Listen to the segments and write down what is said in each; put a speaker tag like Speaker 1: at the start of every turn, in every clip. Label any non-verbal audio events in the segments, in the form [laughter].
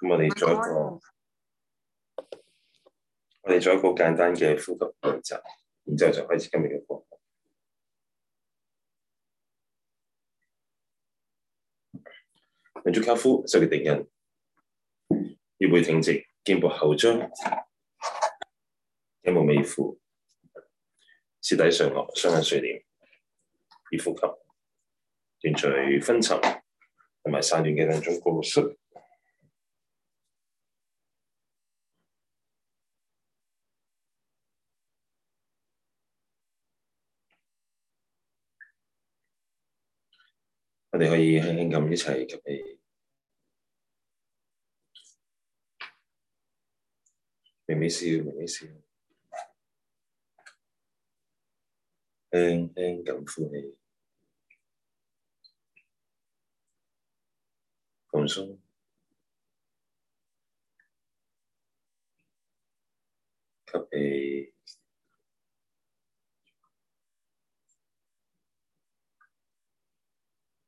Speaker 1: 咁我哋做一個，我哋做一個簡單嘅呼吸練習，然之後就開始今日嘅課題。跟住跏趺，就吸，先要定印，要背挺直，肩部薄後張，頸部微俯，舌抵上顎，雙眼垂簾，要呼吸，斷除分層，同埋散亂嘅兩種過失。你可以輕輕咁一齊吸氣，微微笑，微微笑，輕輕咁呼氣，放鬆，
Speaker 2: 吸氣。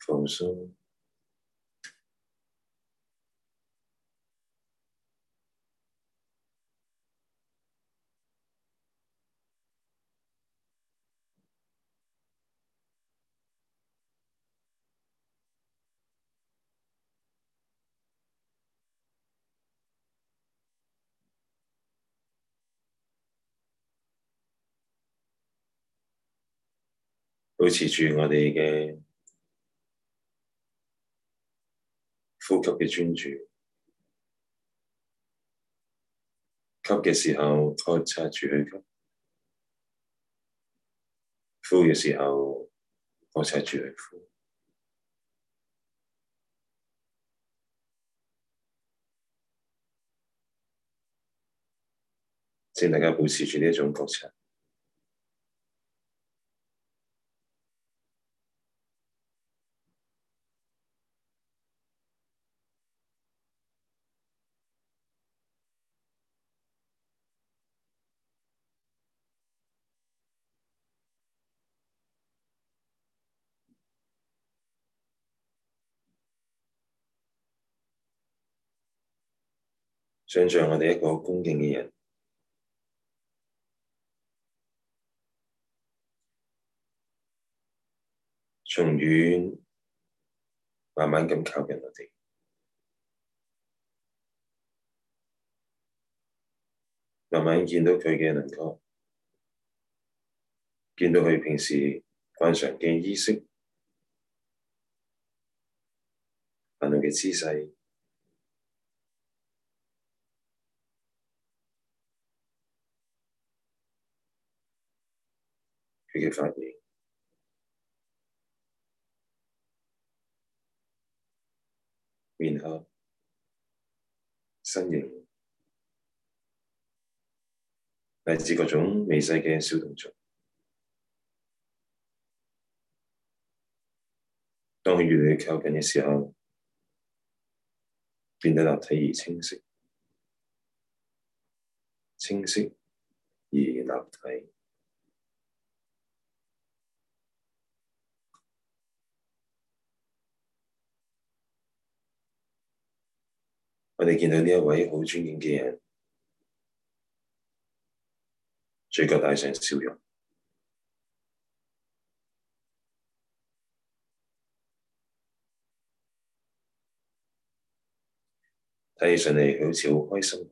Speaker 1: 放鬆，保持住我哋嘅呼吸嘅專注，吸嘅時候我察住去吸，呼嘅時
Speaker 2: 候我察住去呼，
Speaker 1: 請大家保持住呢一種覺察。想像我哋一個恭敬嘅人，從遠慢慢咁靠近我哋，慢慢見到佢嘅輪廓，見到佢平時慣常嘅衣飾，行路嘅姿勢。
Speaker 2: 佢嘅反應，
Speaker 1: 然後身形，嚟自各種微細嘅小動作，當佢越嚟越靠近嘅時候，變得立體而清晰，
Speaker 2: 清晰而立體。
Speaker 1: 我哋見到呢一位好專業嘅人，嘴角帶上笑容，睇起上嚟好似好開心。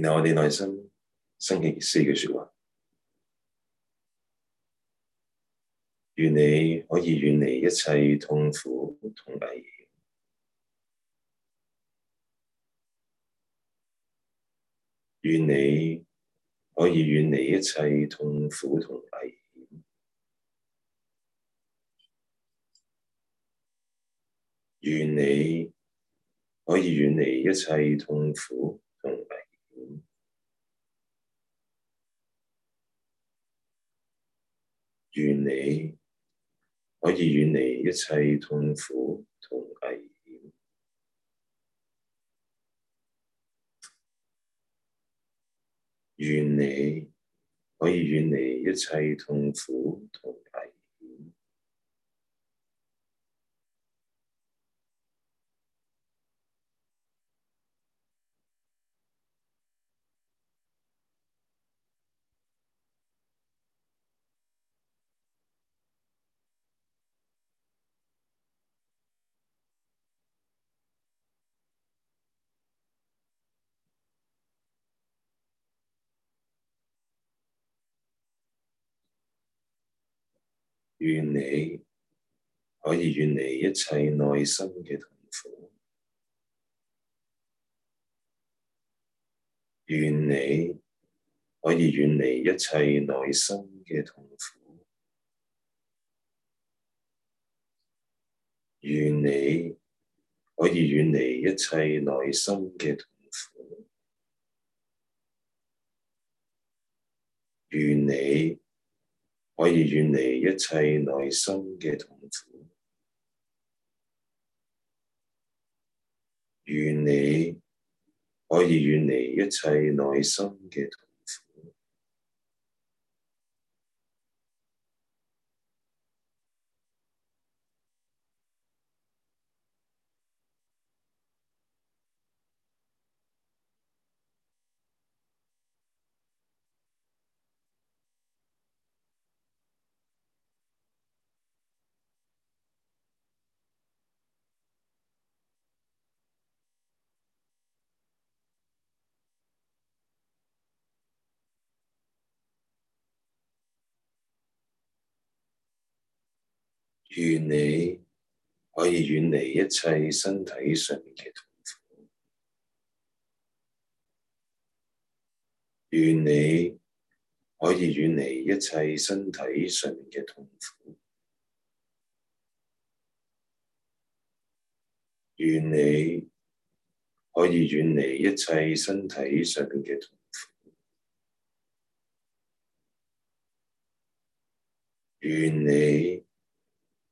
Speaker 1: 然後我哋內心升起四句說話：願你可以遠離一切
Speaker 2: 痛苦同危險；
Speaker 1: 願你可以遠離一切痛苦同危險；願你可以遠離一切痛苦同危險。願你可以遠離一切痛苦同危險，願你可以遠離一切痛苦同危險。願你可以遠離一切內心嘅痛苦，願你可以遠離一切內心嘅痛苦，願你可以遠離一切內心嘅痛苦，願你，可以遠離一切內心嘅痛苦，願你可以遠離一切內心嘅痛苦。願你可以遠離一切身體上面嘅痛苦。願你可以遠離一切身體上面嘅痛苦。願你可以遠離一切身體上面嘅痛苦。願你。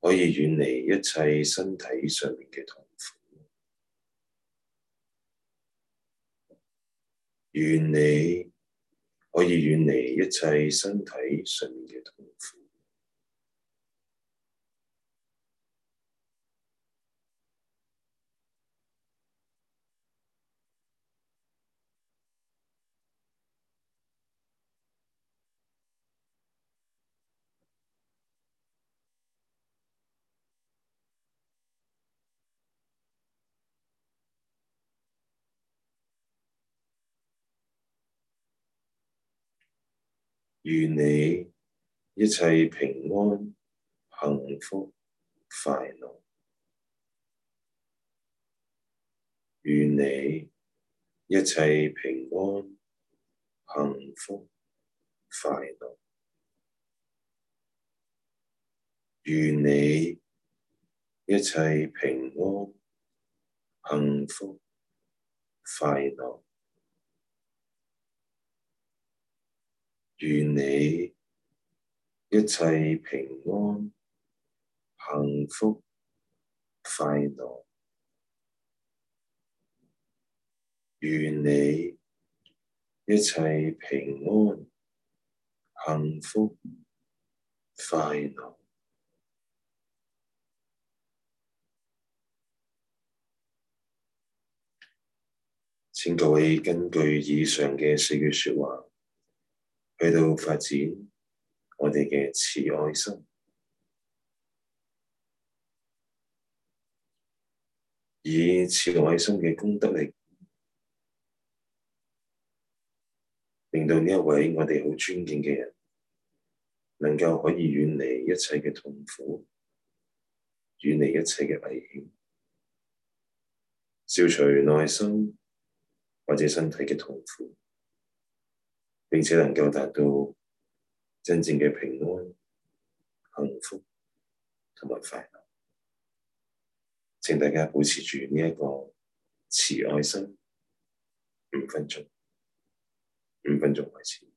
Speaker 1: 可以遠離一切身體上面嘅痛苦，遠離，可以遠離一切身體
Speaker 2: 上面嘅痛苦。願你
Speaker 1: 一切平安、幸福、快樂。願你一切平安、幸福、快樂。願你一切平安、幸福、快樂。願你一切平安、幸福、快樂。願你一切平安、幸
Speaker 2: 福、快樂。請
Speaker 1: 各位，根據以上嘅四句說話。去到發展我哋嘅慈愛心，以慈愛心嘅功德力，令到呢一位我哋好尊敬嘅人，能夠可以遠離一切嘅痛苦，遠離一切嘅危險，消除內心或者身體嘅痛苦。並且能夠達到真正嘅平安、幸福同埋快樂。請大家保持住呢一個慈愛心，五分
Speaker 2: 鐘，五分鐘開始。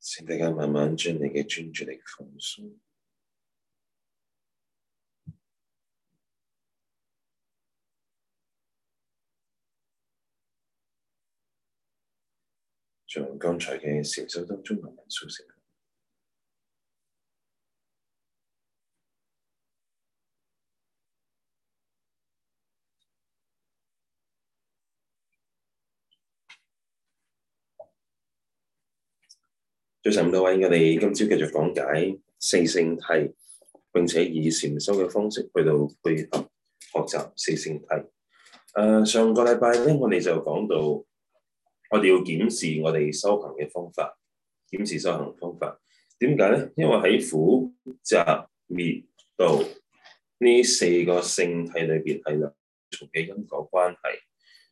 Speaker 1: 請大家慢慢將你嘅專注力放鬆，從剛才嘅四周
Speaker 2: 當中慢慢縮小。
Speaker 1: 早晨各位，我哋今朝繼續講解四聖諦，並且以禪修嘅方式去到配合學習四聖諦。誒、呃，上個禮拜咧，我哋就講到我哋要檢視我哋修行嘅方法，檢視修行方法點解咧？因為喺苦集滅道呢四個聖諦裏邊係有嘅因果關係。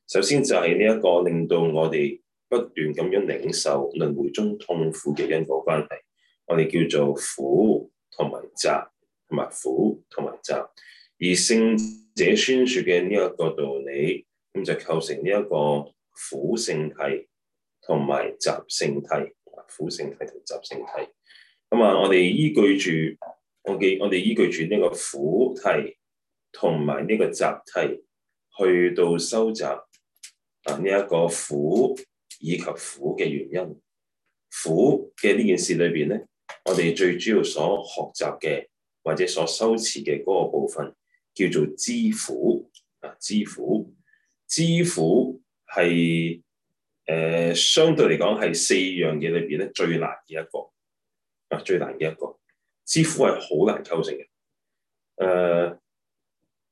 Speaker 1: 首先就係呢一個令到我哋，不斷咁樣領受輪迴中痛苦嘅因果關係，我哋叫做苦同埋集，同埋苦同埋集。而聖者宣説嘅呢一個道理，咁就構成呢一個苦聖諦同埋集聖諦，苦聖諦同集聖諦。咁啊，我哋依據住我嘅，我哋依據住呢個苦諦同埋呢個集諦去到收集啊呢一個苦。以及苦嘅原因，苦嘅呢件事裏邊咧，我哋最主要所學習嘅或者所修持嘅嗰個部分，叫做知苦啊，知苦，知苦係誒相對嚟講係四樣嘢裏邊咧最難嘅一個啊，最難嘅一個，知苦係好難構成嘅，誒、啊，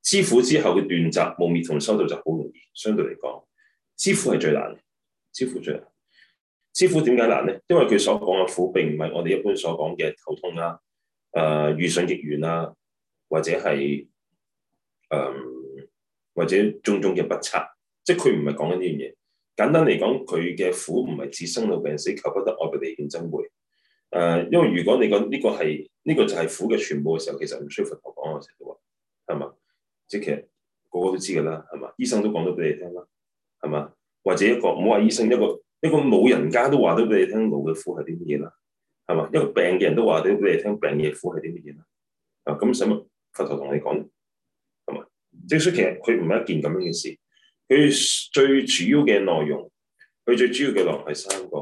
Speaker 1: 知苦之後嘅斷集、無滅同修道就好容易，相對嚟講，知苦係最難知苦最難，知苦點解難咧？因為佢所講嘅苦並唔係我哋一般所講嘅頭痛啦、啊、誒遇順逆緣啦，或者係誒、呃、或者種種嘅不測，即係佢唔係講緊呢樣嘢。簡單嚟講，佢嘅苦唔係自生老病死、求不得你見、愛別離、怨憎會誒。因為如果你講呢個係呢、這個就係苦嘅全部嘅時候，其實唔需要佛陀講嘅程度啊，係嘛？即其實個個都知嘅啦，係嘛？醫生都講咗俾你聽啦，係嘛？或者一個唔好話醫生，一個一個老人家都話咗俾你聽，老嘅苦係啲乜嘢啦？係嘛？一個病嘅人都話咗俾你聽，病嘅苦係啲乜嘢啦？啊咁，使乜佛陀同你講咧？係嘛？即係其實佢唔係一件咁樣嘅事，佢最主要嘅內容，佢最主要嘅內容係三個，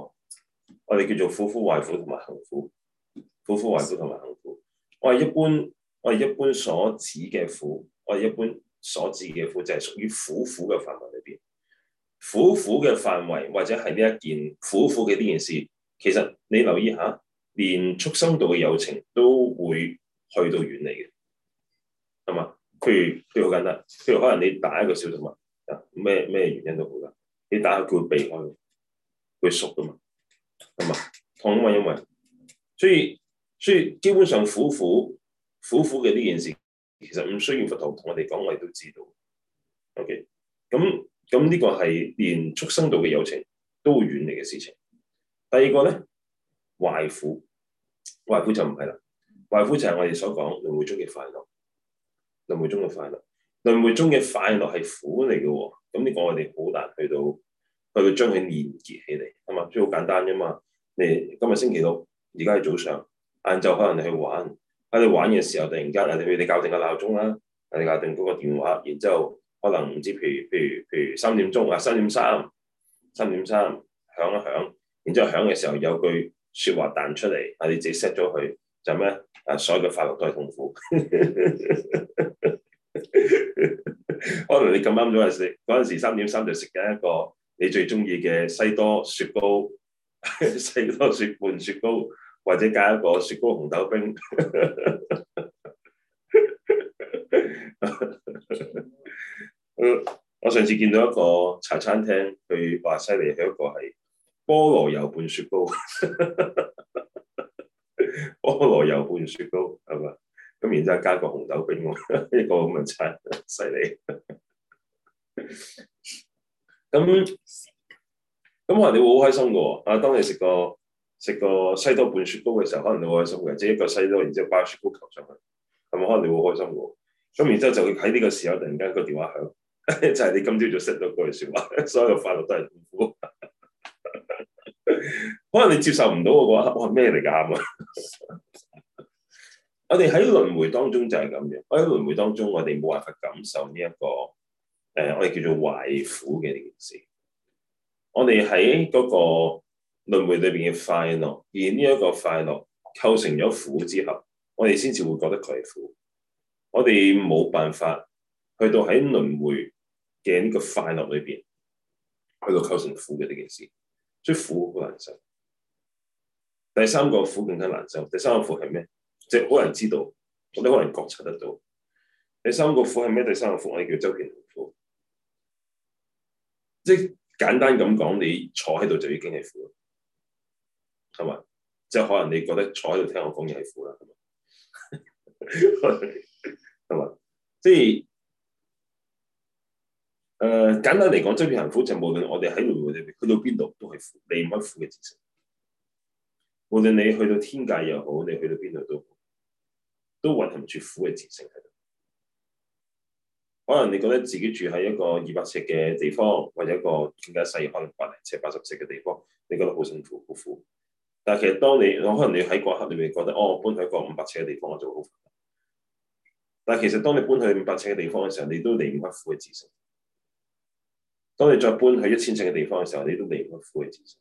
Speaker 1: 我哋叫做苦苦、壞苦同埋行苦。苦苦、壞苦同埋行苦，我係一般我係一般所指嘅苦，我係一般所指嘅苦就係、是、屬於苦苦嘅範圍裏邊。苦苦嘅範圍或者係呢一件苦苦嘅呢件事，其實你留意下，連畜生道嘅友情都會去到遠離嘅，係嘛？譬如譬如好簡單，譬如可能你打一個小動物啊，咩咩原因都好啦，你打下佢會避開佢熟噶嘛，係嘛？痛啊，因為所以所以基本上苦苦苦苦嘅呢件事，其實唔需要佛陀同我哋講，我哋都知道。OK，咁。咁呢個係連畜生道嘅友情都會遠離嘅事情。第二個咧，壞苦，壞苦就唔係啦。壞苦就係我哋所講，輪迴中嘅快樂，輪迴中嘅快樂，輪迴中嘅快樂係苦嚟嘅喎。咁、這、呢個我哋好難去到去將佢連結起嚟，係嘛？所以好簡單啫嘛。你今日星期六，而家係早上，晏晝可能你去玩，喺你玩嘅時候，突然間，你你你搞定個鬧鐘啦，你搞定嗰個電話，然之後。可能唔知，譬如譬如譬如三點鐘啊，三點三，三點三響一響，然之後響嘅時候有句說話彈出嚟，啊你自己 set 咗佢就咩、是？啊所有嘅快樂都係痛苦。 [laughs] 可能你咁啱咗嗰陣陣時三點三就食緊一個你最中意嘅西多雪糕， [laughs] 西多雪伴雪糕，或者加一個雪糕紅豆冰。 [laughs] 我上次見到一個茶餐廳，佢話犀利係一個係菠蘿油拌雪糕， [laughs] 菠蘿油拌雪糕係嘛？咁然之後加個紅豆冰， [laughs] 一個咁嘅餐犀利。咁咁可能你會好開心嘅喎。啊，當你食個食個西多拌雪糕嘅時候，可能你會開心嘅，即係一個西多，然之後包雪糕球上去，係咪？可能你會開心嘅喎。咁然之後就喺呢個時候，突然間個電話響。 [laughs] 就係你今朝就識到句說話，所有嘅快樂都係苦， [laughs] 可能你接受唔到我話，哇咩嚟噶啱啊！ [laughs] 我哋喺輪迴當中就係咁樣，喺輪迴當中我哋冇辦法感受呢、這、一個誒、呃，我哋叫做懷苦嘅呢件事。我哋喺嗰個輪迴裏邊嘅快樂，而呢一個快樂構成咗苦之後，我哋先至會覺得佢係苦。我哋冇辦法去到喺輪迴。嘅呢個快樂裏邊，去到構成苦嘅呢件事，所以苦好難受。第三個苦更加難受。第三個苦係咩？即係好難知道，或者好難覺察得到。第三個苦係咩？第三個苦我哋叫周遍行苦。即係簡單咁講，你坐喺度就已經係苦啦，係嘛？即係可能你覺得坐喺度聽我講嘢係苦啦，係嘛？ [laughs] [laughs] 即係。誒、呃、簡單嚟講，周遍行苦就無論我哋喺輪迴裏邊，去到邊度都係苦，離唔開苦嘅自性。無論你去到天界又好，你去到邊度都都蘊含住苦嘅自性喺度。可能你覺得自己住喺一個二百尺嘅地方，或者一個更加細，可能百零尺、八十尺嘅地方，你覺得好辛苦、好苦。但係其實當你，可能你喺嗰一刻你哋覺得哦，我搬去一個五百尺嘅地方我就好苦。但係其實當你搬去五百尺嘅地方嘅時候，你都離唔開苦嘅自性。當你再搬去一千尺嘅地方嘅時候，你都離唔開苦嘅自性。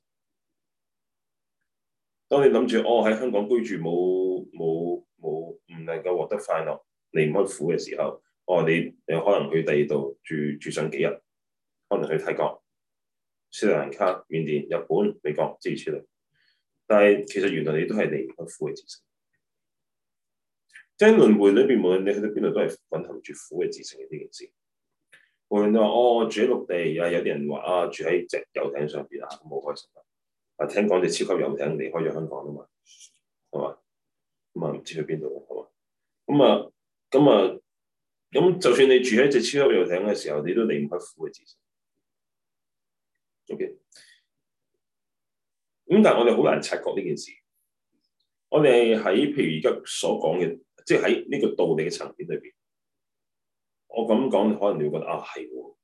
Speaker 1: 當你諗住哦，喺香港居住冇冇冇唔能夠獲得快樂，離唔開苦嘅時候，哦，你你可能去第二度住住上幾日，可能去泰國、斯里蘭卡、緬甸、日本、美國，即如此類，但係其實原來你都係離唔開苦嘅自性。即係輪迴裏邊，無論你去到邊度都係蘊含住苦嘅自性呢件事。佢哋都話：哦，住喺陸地；又有啲人話啊，住喺隻遊艇上邊啊，咁好開心啊！啊，聽講隻超級遊艇離開咗香港啊嘛，係嘛？咁啊，唔知去邊度？好嘛？咁、嗯、啊，咁、嗯、啊，咁、嗯嗯嗯、就算你住喺隻超級遊艇嘅時候，你都離唔開苦嘅自身，okay。咁、嗯、但係我哋好難察覺呢件事。我哋喺譬如而家所講嘅，即係喺呢個道理嘅層面裏邊。我咁講，可能你會覺得啊，係喎，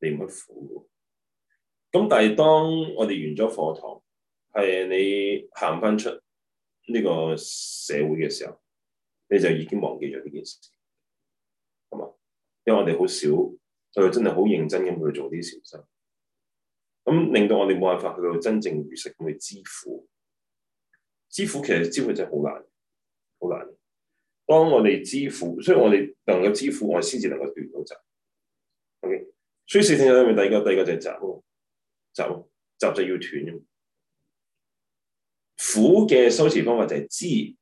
Speaker 1: 你唔得苦喎。咁但係當我哋完咗課堂，係你行返出呢個社會嘅時候，你就已經忘記咗呢件事，係嘛？因為我哋好少，我哋真係好認真咁去做啲善心，咁令到我哋冇辦法去到真正如實咁去支付。支付其實支付真係好難，好難。當我哋知苦，所以我哋能夠知苦，我哋先至能夠斷到集。OK，所以四聖諦裏面第二個第二個就係集，集集就要斷。苦嘅修持方法就係知，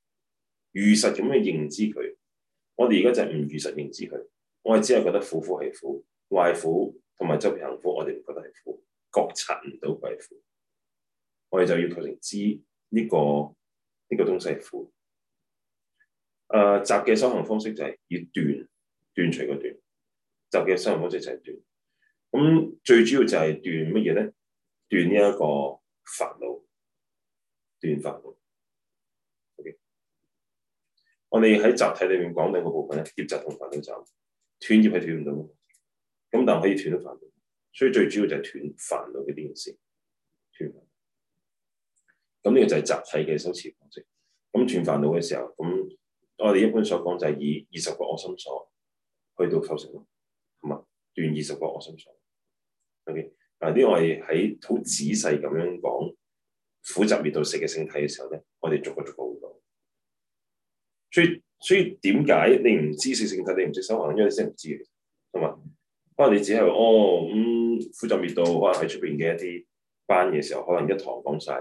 Speaker 1: 如實咁去認知佢。我哋而家就唔如實認知佢，我哋只係覺得苦苦係苦，壞苦同埋周遍行苦，我哋唔覺得係苦，覺察唔到係苦。我哋就要求成知呢個呢個東西係苦。誒、呃，集嘅修行方式就係要斷斷除嗰段集嘅修行方式就係斷，咁最主要就係斷乜嘢咧？斷呢一個煩惱，斷煩惱。O.K. 我哋喺集諦裏面講兩個部分咧，業集同煩惱集。斷業係斷唔到，咁但可以斷咗煩惱，所以最主要就係斷煩惱嘅呢件事。
Speaker 2: 斷咁呢
Speaker 1: 個就係集諦嘅修持方式。咁斷煩惱嘅時候，咁。我哋一般所講就係以二十個惡心所去到構成咯，同埋斷二十個惡心所。OK 嗱，呢我哋喺好仔細咁樣講苦集滅道四嘅性體嘅時候咧，我哋逐個逐個講。所以所以點解你唔知四性體？你唔識修行，因為你先唔知嚟，同埋可能你只係哦咁、嗯、苦集滅道可能喺出邊嘅一啲班嘅時候，可能一堂講晒，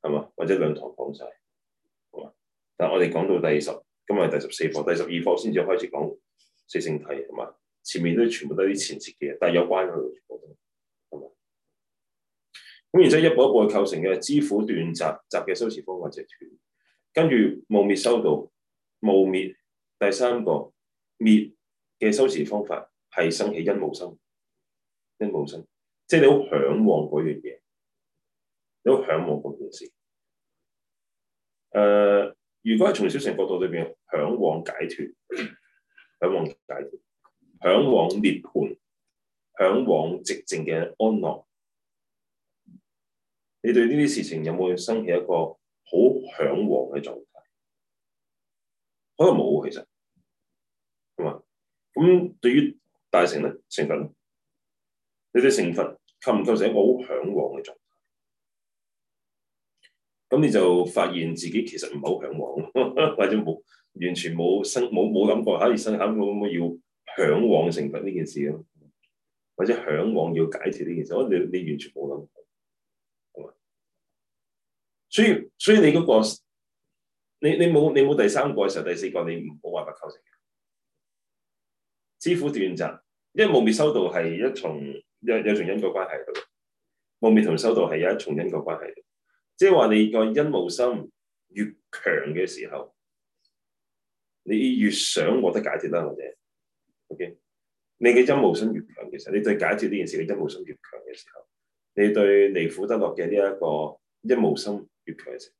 Speaker 1: 係嘛，或者兩堂講晒。
Speaker 2: 同埋
Speaker 1: 但係我哋講到第二十。咁係第十四課，第十二課先至開始講四聖諦，係嘛？前面都全部都係啲前設嘅嘢，但係有關係嘛？咁然之後一步一步去構成嘅，知苦斷集集嘅修持方法就係斷，跟住慕滅修道慕滅，第三個滅嘅修持方法係生起因無生，因無生，即係你好向往嗰樣嘢，你好向往嗰件事。誒、uh,。如果係從小乘角度裏邊，向往解脫、向往解脫、嚮往涅槃、向往寂靜嘅安樂，你對呢啲事情有冇生起一個好向往嘅狀態？可能冇，其實同埋，咁對於大乘咧，成佛，你對成佛構唔構成一個好向往嘅狀態？咁你就發現自己其實唔係好向往， [laughs] 或者冇完全冇生冇冇諗過嚇，而生諗過要向往成佛呢件事咯，或者向往要解決呢件事，你你完全冇諗過，好嘛？所以所以你嗰、嗰個你你冇你冇第三個嘅時候，第四個你唔好話冇辦法構成嘅。知苦斷集，因為貶滅修道係一重一一重因果關係喺度，貶滅同修道係有一重因果關係即係話你個欣慕心越強嘅時候，你越想獲得解決啦，或者，OK，你嘅欣慕心越強嘅時候，你對解決呢件事嘅欣慕心越強嘅時候，你對離苦得樂嘅呢一個欣慕心越強嘅時候，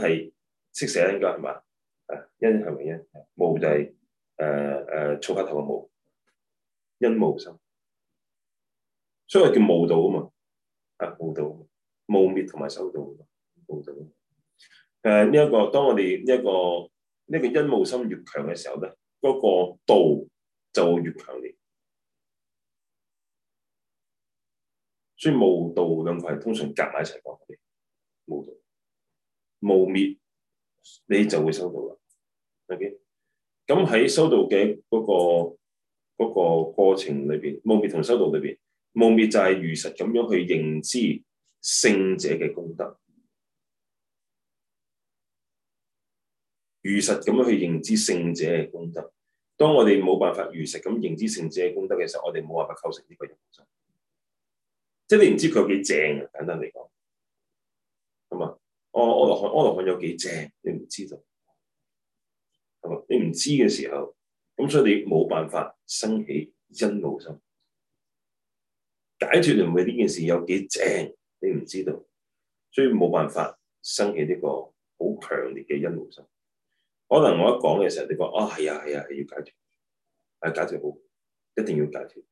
Speaker 1: 欣係識寫應該係嘛？啊，欣係咪？欣，慕就係誒誒草花頭嘅慕，欣慕心，所以叫慕道啊嘛，啊慕道啊，慕滅同埋修道。
Speaker 2: 道
Speaker 1: 啫，呢一、嗯這個當我哋呢一個呢、這個因無心越強嘅時候咧，嗰、那個道就會越強烈，所以無道兩個通常夾埋一齊講嘅，無道、無滅你就會修道啦。O K，咁喺修道嘅嗰個嗰、那個、過程裏邊，無滅同修道裏邊，無滅就係如實咁樣去認知聖者嘅功德。如實咁樣去認知聖者嘅功德，當我哋冇辦法如實咁認知聖者嘅功德嘅時候，我哋冇辦法構成呢個恩慕心。即係你唔知佢有幾正啊！簡單嚟講，咁啊，哦，阿羅漢，阿羅漢有幾正？你唔知道，係嘛？你唔知嘅時候，咁所以你冇辦法生起恩慕心，解脫唔會呢件事有幾正？你唔知道，所以冇辦法生起呢個好強烈嘅恩慕心。可能我一講嘅時候，你講啊，係啊係啊，要解決。啊，解決好，一定要解決。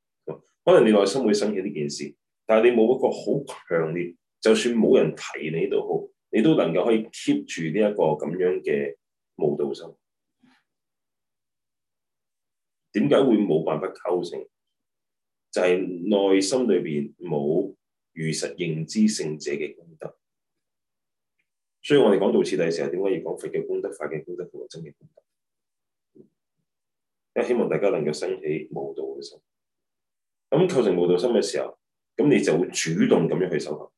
Speaker 1: 可能你內心會生起呢件事，但係你冇一個好強烈，就算冇人提你都好，你都能夠可以 keep 住呢一個咁樣嘅無道心。點解會冇辦法構成？就係內心裏邊冇如實認知聖者嘅功德。所以我哋講到次第嘅時候，點解要講佛嘅功德、法嘅功德同埋真嘅功德？因為希望大家能夠升起無道嘅心。咁構成無道心嘅時候，咁你就會主動咁樣去修行。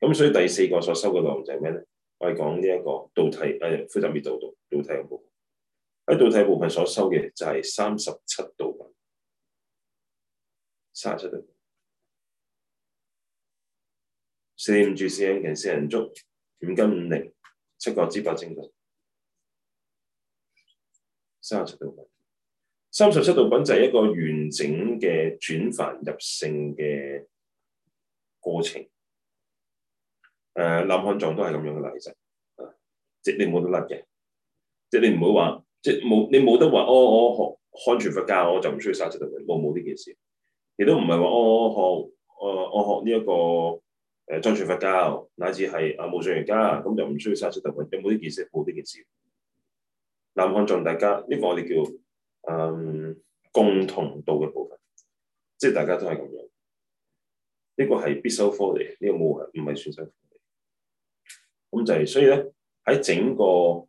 Speaker 1: 咁所以第四個所修嘅內容就係咩咧？我哋講呢一個道體誒，苦集滅道道道體嘅部分。喺道體部分所修嘅就係三十七道品三十七度，四念住、四正勤，四神足。五根五力，七覺支、八正道，三十七道品。三十七道品就係一個完整嘅轉凡入聖嘅過程。誒、呃，南漢藏都係咁樣嘅例其實、啊，即你冇得甩嘅，即係你唔會話，即係冇你冇得話，我我學漢傳佛教，我就唔需要三十七道品，我冇呢件事。亦都唔係話，我、哦、我學，誒、呃、我學呢、這、一個。誒藏傳佛教，乃至係啊無上瑜伽，咁、嗯嗯、就唔需要生出頭來。有冇呢件事？冇呢件事。南漢眾大家，呢、這個我哋叫誒、嗯、共同道嘅部分，即係大家都係咁樣。呢、這個係必修科嚟呢、這個冇係唔係選修。咁就係所以咧，喺整個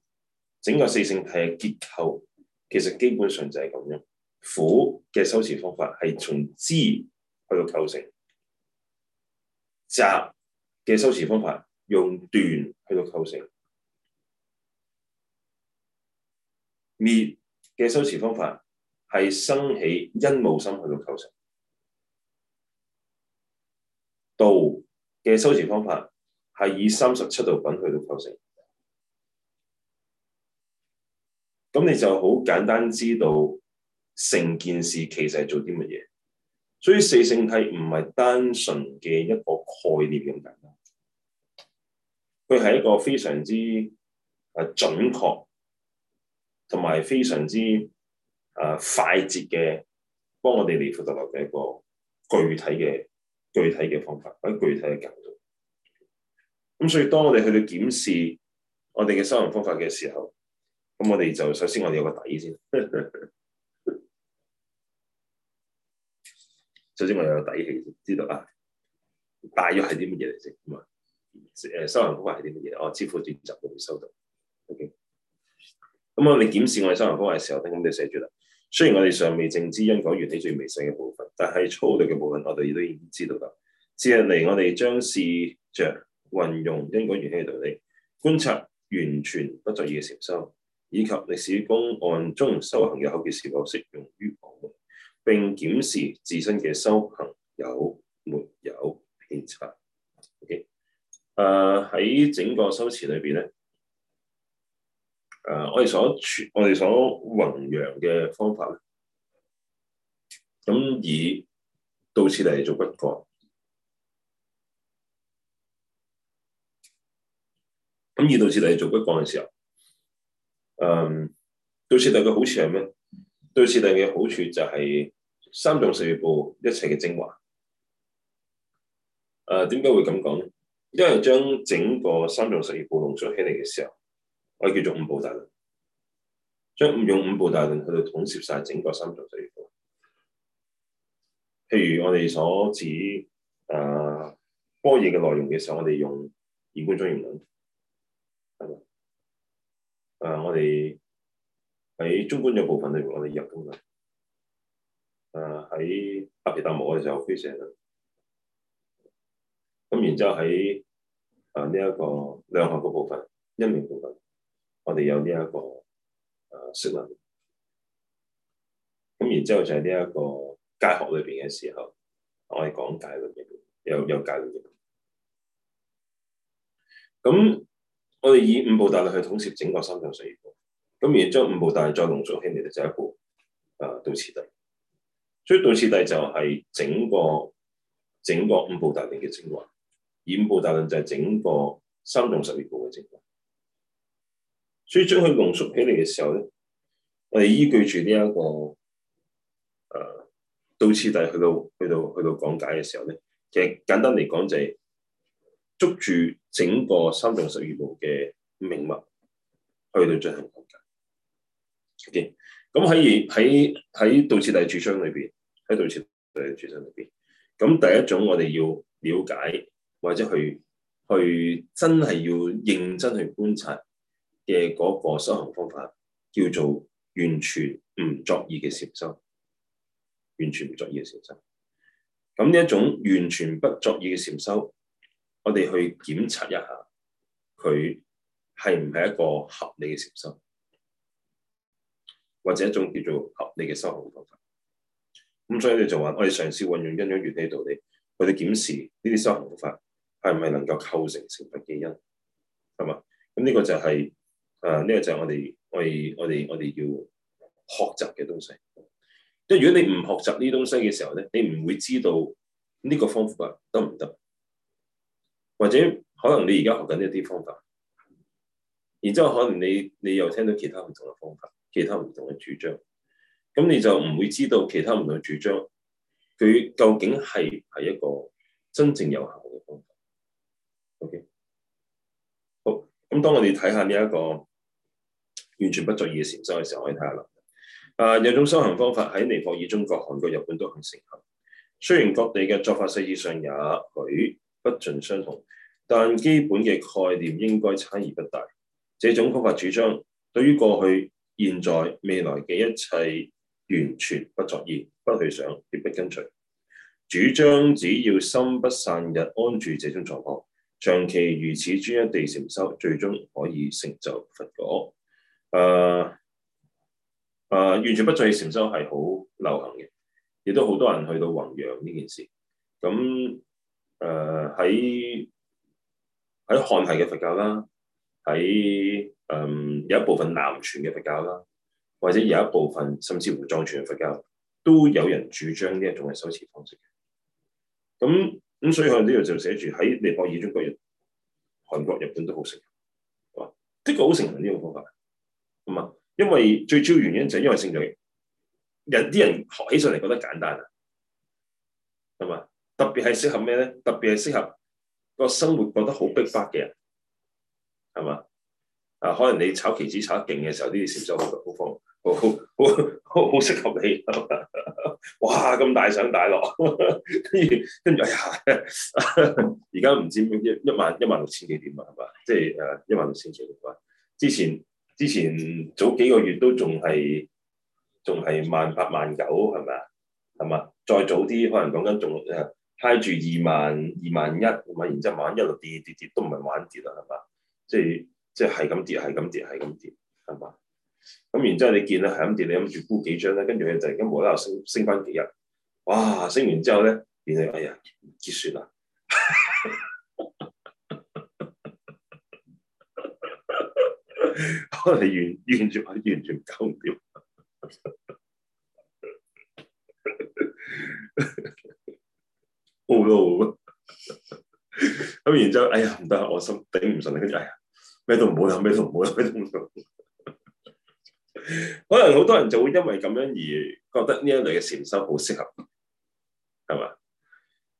Speaker 1: 整個四聖諦嘅結構，其實基本上就係咁樣。苦嘅修持方法係從知去到構成。集嘅修持方法用斷去到構成，滅嘅修持方法係生起因無心去到構成，道嘅修持方法係以三十七道品去到構成。咁你就好簡單知道成件事其實係做啲乜嘢。所以四聖諦唔係單純嘅一個概念咁簡單，佢係一個非常之啊準確同埋非常之啊快捷嘅，幫我哋嚟獲得嘅一個具體嘅具體嘅方法，或者具體嘅教導。咁所以當我哋去到檢視我哋嘅修行方法嘅時候，咁我哋就首先我哋有個底先。 [laughs] 首先我又有底氣知道啊，大約係啲乜嘢嚟先咁啊？誒，修行方法係啲乜嘢？我支付轉賬嗰度收到，OK，咁我哋檢視我哋修行方法嘅時候咧，咁就寫住啦。雖然我哋尚未證知因果緣起最微細嘅部分，但係粗略嘅部分我哋亦都已經知道㗎。接下嚟我哋將試著運用因果緣起嘅道理，觀察完全不作意嘅禪修，以及歷史公案中修行嘅口訣是否適用於我。並檢視自身嘅修行有沒有偏差。誒、okay. 喺、uh, 整個修辭裏邊咧，誒、uh, 我哋所我哋所弘揚嘅方法咧，咁以到此嚟做骨幹，咁以到此嚟做骨幹嘅時候，誒、uh, 到此嚟嘅好處係咩？對設定嘅好處就係三藏十二部一齊嘅精華。誒，點解會咁講咧？因為將整個三藏十二部弄出起嚟嘅時候，我哋叫做五部大論。將用五部大論去到統攝晒整個三藏十二部。譬如我哋所指誒，般若嘅內容嘅時候，我哋用現觀莊嚴論。係啊、呃。我哋。喺中觀嘅部分咧，我哋入噶嘛。誒、啊、喺阿毗達摩嘅時候，非常嘅。咁然之後喺誒呢一個量學嘅部分、因明部分，我哋有呢、這、一個誒説法。咁、啊啊、然之後就係呢一個戒學裏邊嘅時候，我哋講戒裏邊有有戒律嘅。咁我哋以五部大律去統攝整個三藏十二部。四四咁而將五部大論再濃縮起嚟就係一部，啊、呃《道次第》。所以《道次第》就係整個整個五部大論嘅精華。而五部大論就係整個三藏十二部嘅精華。所以將佢濃縮起嚟嘅時候咧，我哋依據住呢一個，啊、呃《道次第》去到去到去到講解嘅時候咧，其實簡單嚟講就係、是、捉住整個三藏十二部嘅命脈去到進行講解。O.K.，咁喺喺喺道次第主張裏邊，喺道次第主張裏邊，咁第一種我哋要了解或者去去真係要認真去觀察嘅嗰個修行方法，叫做完全唔作意嘅禪修，完全唔作意嘅禪修。咁呢一種完全不作意嘅禪修，我哋去檢查一下，佢係唔係一個合理嘅禪修？或者一種叫做合理嘅修行方法，咁所以你就話我哋嘗試運用因果緣起嘅道理，我哋檢視呢啲修行方法係唔係能夠構成成佛之因，係嘛？咁呢個就係誒呢個就係我哋我哋我哋我哋要學習嘅東西。即係如果你唔學習呢啲東西嘅時候咧，你唔會知道呢個方法得唔得？或者可能你而家學緊一啲方法，然之後可能你你又聽到其他唔同嘅方法。其他唔同嘅主張，咁你就唔會知道其他唔同嘅主張，佢究竟係係一個真正有效嘅方法。OK，好咁，當我哋睇下呢一個完全不作意嘅禪修嘅時候，可以睇下啦。啊，有種修行方法喺尼泊爾、中國、韓國、日本都係盛行。雖然各地嘅作法細節上也許不盡相同，但基本嘅概念應該差異不大。這種方法主張對於過去，現在未來嘅一切完全不作意，不去想，亦不跟隨。主張只要心不散逸，安住這種狀況，長期如此專一地禪修，最終可以成就佛果。誒、呃、誒、呃，完全不作意禪修係好流行嘅，亦都好多人去到弘揚呢件事。咁誒喺喺漢系嘅佛教啦。喺嗯，有一部分南傳嘅佛教啦，或者有一部分甚至乎藏傳嘅佛教都有人主張呢一種嘅修持方式嘅。咁咁所以佢呢度就寫住喺尼泊爾、中國、人，韓國、日本都好盛行，哇！的確好盛行呢種方法，咁啊，因為最主要原因就係因為信仰，人啲人學起上嚟覺得簡單啊，係嘛？特別係適合咩咧？特別係適合個生活覺得好逼迫嘅人。係嘛？啊，可能你炒期指炒得勁嘅時候，啲滲走股股方好好好好適合你。哇！咁大上大落，跟住跟住哎呀！而家唔知一一萬一萬六千幾點啊？係嘛？即係誒一萬六千幾點啊！之前之前早幾個月都仲係仲係萬八萬九係咪啊？係嘛？再早啲可能講緊仲誒揩住二萬二萬一，咁啊，然之後慢一路跌跌跌都唔係慢跌啊，係嘛？即係即係係咁跌，係咁跌，係咁跌，係嘛？咁然之後你見到係咁跌，你諗住估幾張咧？跟住佢突然間冇啦啦升升翻幾日，哇！升完之後咧，原來哎呀，結算啦， [laughs] [laughs] 可能完完全完全搞唔掂，好唔咁 [laughs] 然之後，哎呀唔得，我心頂唔順，跟住哎呀，咩都唔好啦，咩都唔好啦，咩都唔 [laughs] 可能好多人就會因為咁樣而覺得呢一類嘅禪修好適合，係嘛？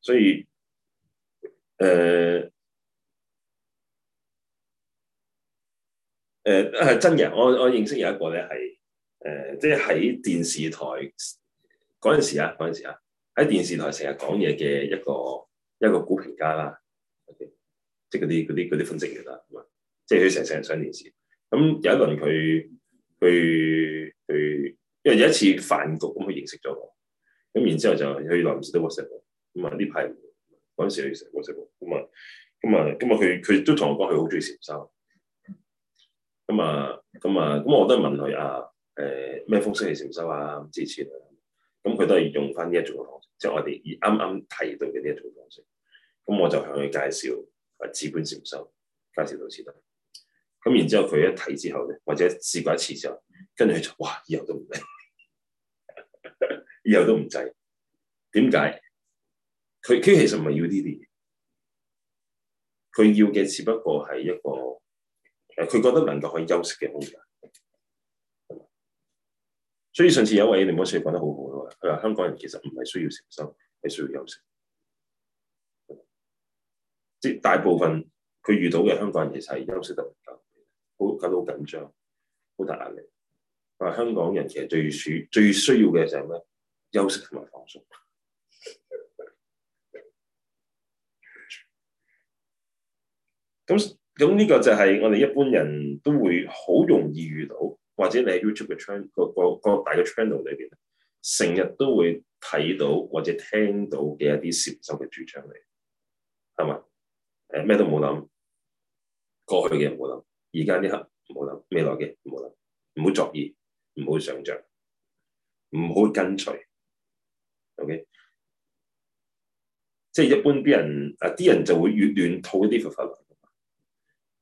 Speaker 1: 所以，誒、
Speaker 2: 呃，
Speaker 1: 誒、呃，係真嘅，我我認識有一個咧，係誒，即係喺電視台嗰陣時啊，陣時啊，喺電視台成日講嘢嘅一個一個股評家啦。Okay. 即係嗰啲嗰啲嗰啲分析嚟㗎，咁、嗯、啊，即係佢成成日上電視。咁、嗯、有一輪佢佢佢，因為有一次飯局咁佢認識咗我，咁然之後就去林氏都 WhatsApp 我，咁啊呢排嗰陣時去成 WhatsApp 我，咁啊咁啊咁啊，佢佢都同我講佢好中意禪修。咁啊咁啊咁，我都問佢啊誒咩方式嚟禪修啊？之前咁佢都係用翻呢一種方式、嗯嗯，即係我哋啱啱提到嘅呢一種方式。咁我就向佢介紹，誒止觀禪修，介紹到此度。咁然之後，佢一睇之後咧，或者試過一次之後，跟住佢就哇，以後都唔，以後都唔制。點解？佢佢其實唔係要呢啲嘢，佢要嘅只不過係一個誒，佢覺得能夠可以休息嘅空間。所以上次有位林博士講得好好嘅喎，佢話香港人其實唔係需要禪修，係需要休息。即係大部分佢遇到嘅香港人其實係休息得唔夠，好感到好緊張，好大壓力。啊，香港人其實最需最需要嘅就係咩？休息同埋放鬆。咁咁呢個就係我哋一般人都會好容易遇到，或者你喺 YouTube 嘅 channel 個個大嘅 channel 裏邊，成日都會睇到或者聽到嘅一啲邪修嘅主張嚟，係咪？誒咩都冇諗，過去嘅冇諗，而家呢刻冇諗，未來嘅唔好諗，唔好作意，唔好想像，唔好跟隨。OK，即係一般啲人啊，啲人就會越亂套啲佛法來。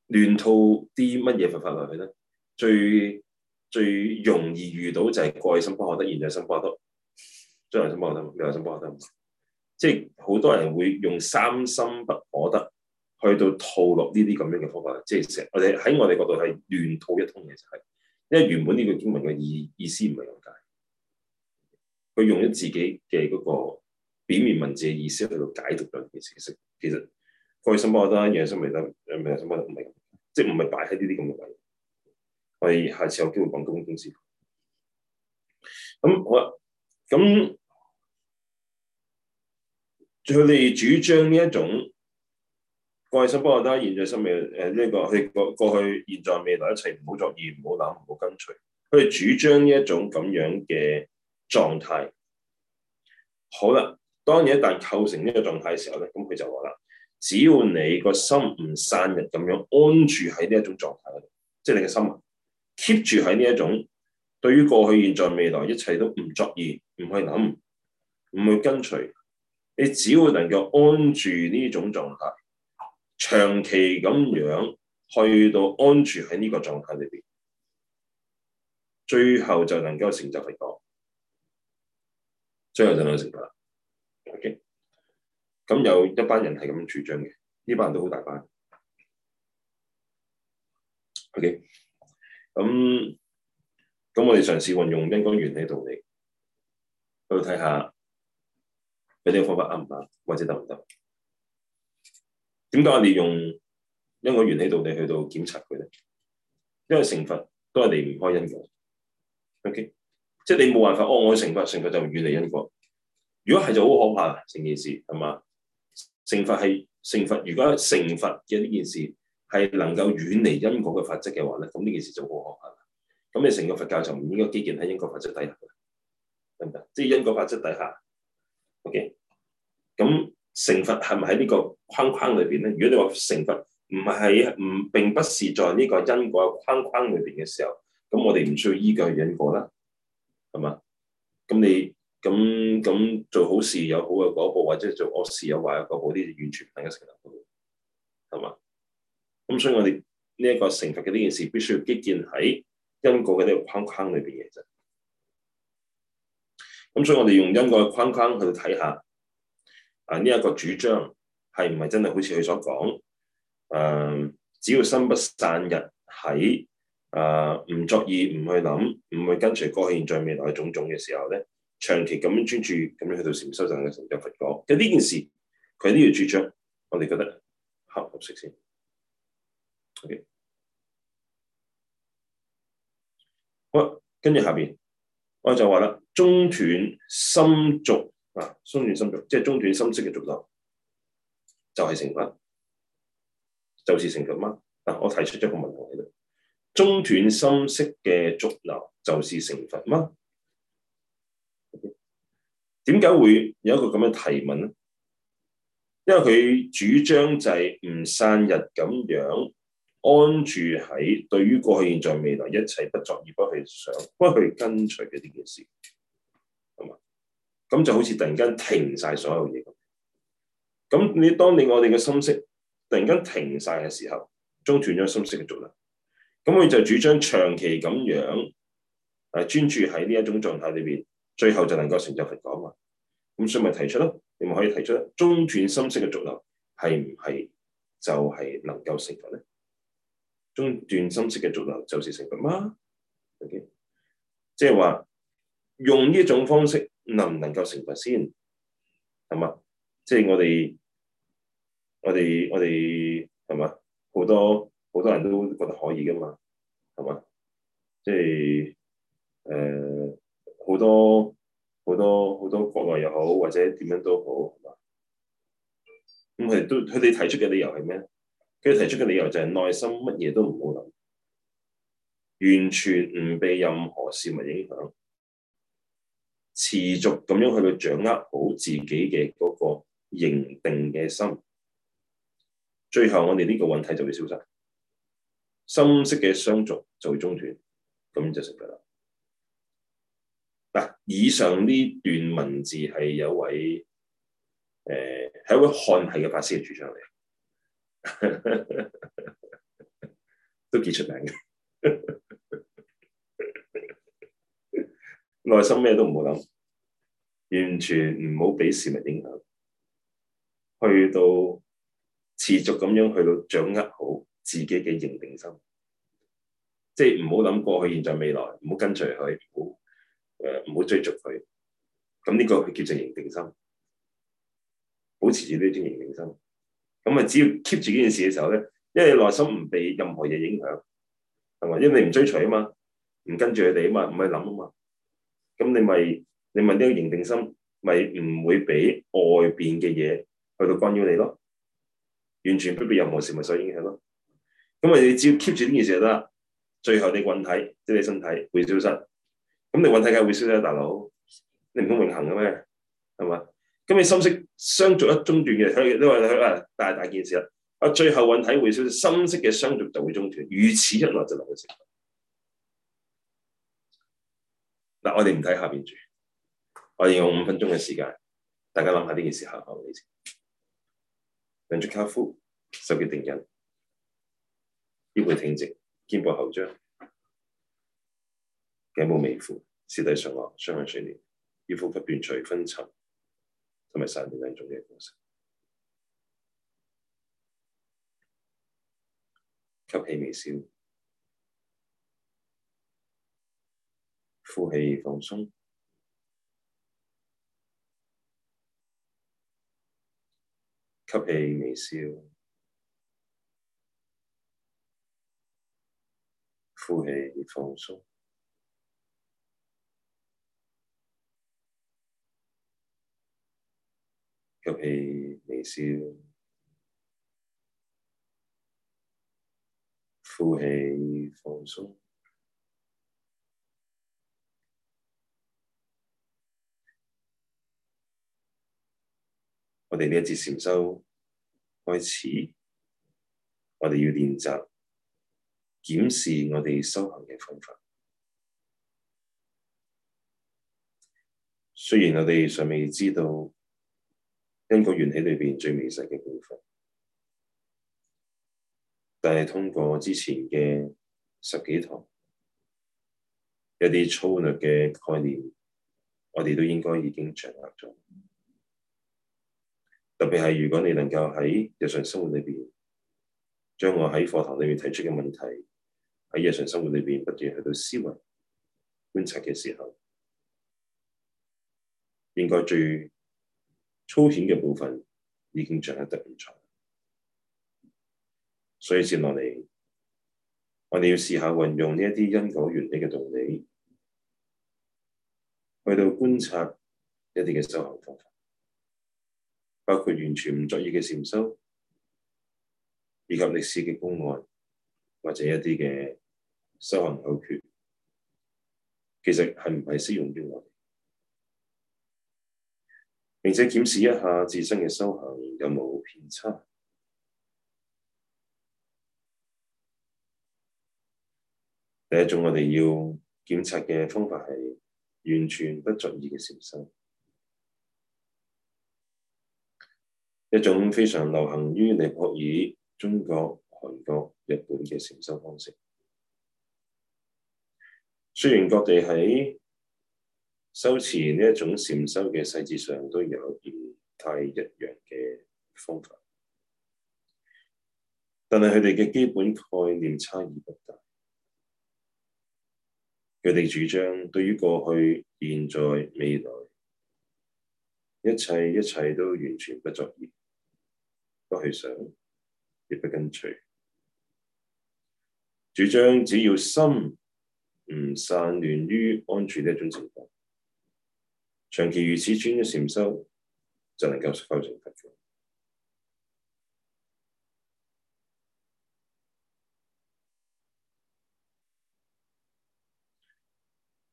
Speaker 1: 亂套啲乜嘢佛法落去咧？最最容易遇到就係過去心不可得，現在心不可得，將來心不可得，未來心不可得。即係好多人會用三心不可得。去到套落呢啲咁樣嘅方法，即係成我哋喺我哋角度係亂套一通嘅，就係因為原本呢個經文嘅意意思唔係咁解，佢用咗自己嘅嗰個表面文字嘅意思去到解讀兩件事識，其實開心冇得，一嘢心未得，有咩心我得？唔係，即係唔係擺喺呢啲咁嘅位。我哋下次有機會講公公司，咁好啦，咁佢哋主張呢一種。過去心幫我睇下，現在、心未誒，呢個去過過去、現在未、未來一切唔好作意、唔好諗、唔好跟隨。佢哋主張呢一種咁樣嘅狀態。好啦，當然一旦構成呢個狀態嘅時候咧，咁佢就話啦，只要你個心唔散逸咁樣安住喺呢一種狀態嗰度，即係你嘅心係 keep 住喺呢一種，對於過去、現在、未來，一切、就是、都唔作意、唔去諗、唔去跟隨。你只要能夠安住呢種狀態。長期咁樣去到安住喺呢個狀態裏邊，最後就能夠成就佛果，最後就能夠成佛。O K，咁有一班人係咁主張嘅，呢班人都好大班。O K，咁咁我哋嘗試運用因果緣起道理，去睇下有啲方法啱唔啱，或者得唔得？點解我哋用因果原理道理去到檢查佢咧？因為成佛都係離唔開因果，O K，即係你冇辦法哦，我嘅成佛成佛就遠離因果，如果係就好可怕成件事，係嘛？成佛係成佛，如果成佛嘅呢件事係能夠遠離因果嘅法則嘅話咧，咁呢件事就好可怕。咁你成個佛教就唔應該基建喺因果法則底下嘅，明白？即係因果法則底下，O K，咁。Okay? 成佛係咪喺呢個框框裏邊咧？如果你話成佛唔係唔並不是在呢個因果框框裏邊嘅時候，咁我哋唔需要依腳係因果啦，係嘛？咁你咁咁做好事有好嘅果報，或者做惡事有壞嘅果報，呢啲完全唔能夠成立啦，係嘛？咁所以我哋呢一個成佛嘅呢件事，必須要基建喺因果嘅呢個框框裏邊嘅啫。咁所以我哋用因果嘅框框去睇下。啊！呢、這、一個主張係唔係真係好似佢所講？誒、呃，只要心不散日散逸喺誒唔作意、唔去諗、唔去跟隨過去、現在、未來嘅種種嘅時候咧，長期咁樣專注，咁樣去到禪修習嘅成就佛果。咁呢件事佢呢個主張，我哋覺得合唔合適先。
Speaker 2: Okay.
Speaker 1: 好，跟住下邊，我就話啦，中斷心續。啊！松斷即中斷心續，即係中斷心識嘅續流，就係、是、成佛，就是成佛嗎？嗱、啊，我提出咗個問題喺度：中斷心識嘅續流，就是成佛嗎？點、okay. 解會有一個咁樣嘅提問咧？因為佢主張就係唔散逸咁樣安住喺對於過去、現在、未來一切不作意、而不去想、不去跟隨嘅呢件事。咁就好似突然間停晒所有嘢咁。咁你當你我哋嘅心識突然間停晒嘅時候，中斷咗心識嘅續流。咁佢就主張長期咁樣，誒專注喺呢一種狀態裏邊，最後就能夠成就佛果嘛。咁所以咪提出咯，你咪可以提出啦。中斷心識嘅續流係唔係就係能夠成佛咧？中斷心識嘅續流就是成佛嗎、okay? 就嗎？OK，即係話。用呢一種方式能唔能夠成佛先？係嘛？即係我哋，我哋，我哋係嘛？好多好多人都覺得可以噶嘛？係嘛？即係誒，好、呃、好多好多好多國內又好，或者點樣都好，係嘛？咁佢都佢哋提出嘅理由係咩？佢提出嘅理由就係內心，乜嘢都唔好諗，完全唔被任何事物影響，持續咁樣去到掌握好自己嘅嗰個凝定嘅心，最後我哋呢個蘊體就會消失，心識嘅相續就會中斷，咁就成佛啦。嗱，以上呢段文字係有位誒系、呃、一位漢系嘅法師嘅主張嚟， [laughs] 都幾出名嘅。 [laughs] 內心咩都唔好諗，完全唔好俾事物影響，去到持續咁樣去到掌握好自己嘅認定心，即係唔好諗過去、現在、未來，唔好跟隨佢，唔好誒唔好追逐佢。咁呢個去 k e 認定心，保持住呢種認定心。咁啊，只要 keep 住呢件事嘅時候咧，因為內心唔被任何嘢影響，係咪？因為你唔追隨啊嘛，唔跟住佢哋啊嘛，唔去諗啊嘛。咁你咪你問呢個凝定心咪唔會俾外邊嘅嘢去到困擾你咯，完全不被任何事物所影響咯。咁啊，你只要 keep 住呢件事就得啦。最後你蘊體即你身體會消失，咁你蘊體梗係會消失，大佬你唔通永恆嘅咩？係嘛？咁你心識相續一中斷嘅，都係啊，大大件事啦。啊，最後蘊體會消失，心識嘅相續就會中斷，如此一來就留到嗱，我哋唔睇下邊住，我哋用五分鐘嘅時間，大家諗下呢件事下一步嘅事情。兩隻跏趺，手結定印，腰背挺直，肩部後張，頸部微俯，舌抵上鄂，雙眼垂簾，腰腹吸斷除分層，同埋三點五分鐘嘅功式，吸氣微笑。呼氣放鬆，吸氣微笑，呼氣放鬆，吸氣微笑，呼氣放鬆。我哋呢一節禪修開始，我哋要練習檢視我哋修行嘅方法。雖然我哋尚未知道因果緣起裏邊最微細嘅部分，但係通過之前嘅十幾堂有一啲粗略嘅概念，我哋都應該已經掌握咗。特別係如果你能夠喺日常生活裏邊，將我喺課堂裏面提出嘅問題喺日常生活裏邊不斷去到思維觀察嘅時候，應該最粗顯嘅部分已經掌握得唔錯。所以接落嚟，我哋要試下運用呢一啲因果緣起嘅道理，
Speaker 2: 去
Speaker 1: 到觀察一啲嘅修行方法，包括完全唔作意嘅禪修，以及歷史嘅公案，或者一啲嘅修行口訣，其實係唔係適用於我哋，並且檢視一下自身嘅修行有冇偏差。第一種我哋要檢測嘅方法係完全不作意嘅禪修。一種非常流行於尼泊爾、中國、韓國、日本嘅禪修方式。雖然各地喺修持呢一種禪修嘅細節上都有唔太一樣嘅方法，但係佢哋嘅基本概念差異不大。佢哋主張對於過去、現在、未來，一切一切都完全不作意。不去想，亦不跟隨，主張只要心唔散亂於安住的一種情況，長期如此專一禪修，就能夠修成佛。 [noise]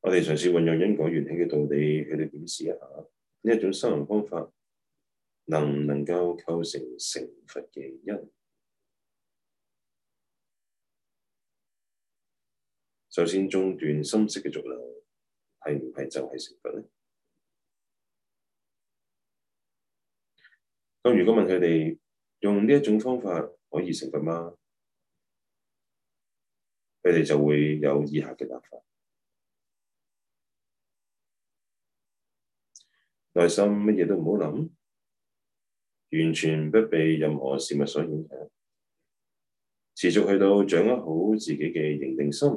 Speaker 1: 我哋嘗試運用因果緣起嘅道理去檢視一下呢一種修行方法。能唔能夠構成成佛嘅因？首先中，中斷心識嘅續流，係唔係就係成佛咧？咁如果問佢哋用呢一種方法可以成佛嗎？佢哋就會有以下嘅答法：內心乜嘢都唔好諗。完全不被任何事物所影響，持續去到掌握好自己嘅凝定心，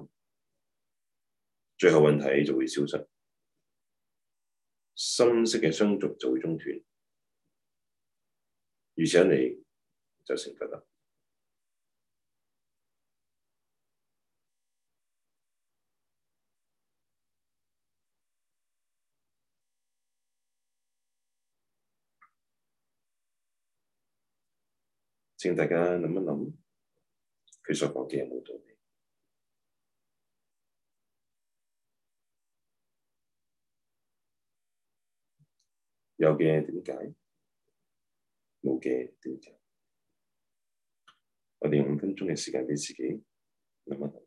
Speaker 1: 最後蘊體就會消失，心識嘅相續就會中斷，如此一嚟
Speaker 2: 就成佛啦。
Speaker 1: 請大家諗一諗，佢所講嘅有冇道理？有嘅點解？冇嘅點解？我哋用五分鐘嘅時間俾自己諗一諗。想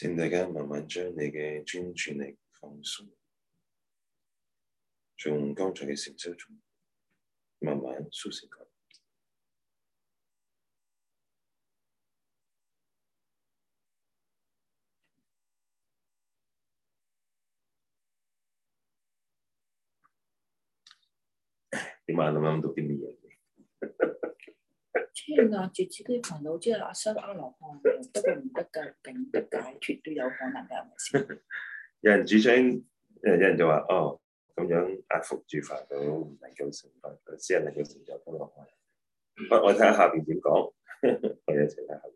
Speaker 1: 請大家慢慢將你嘅專注力放鬆，從剛才嘅成就中，中慢慢蘇醒佢。
Speaker 2: 你
Speaker 1: 慢慢慢慢讀第二即係壓住自己煩惱，即係壓傷翻落去，不過唔得噶，緊急解決都有可能。有人主張，有人就話哦，咁樣壓伏住煩惱，唔係咁成煩惱，只係係造成咗傷落去。我睇下下邊點講。我哋一齊睇下邊。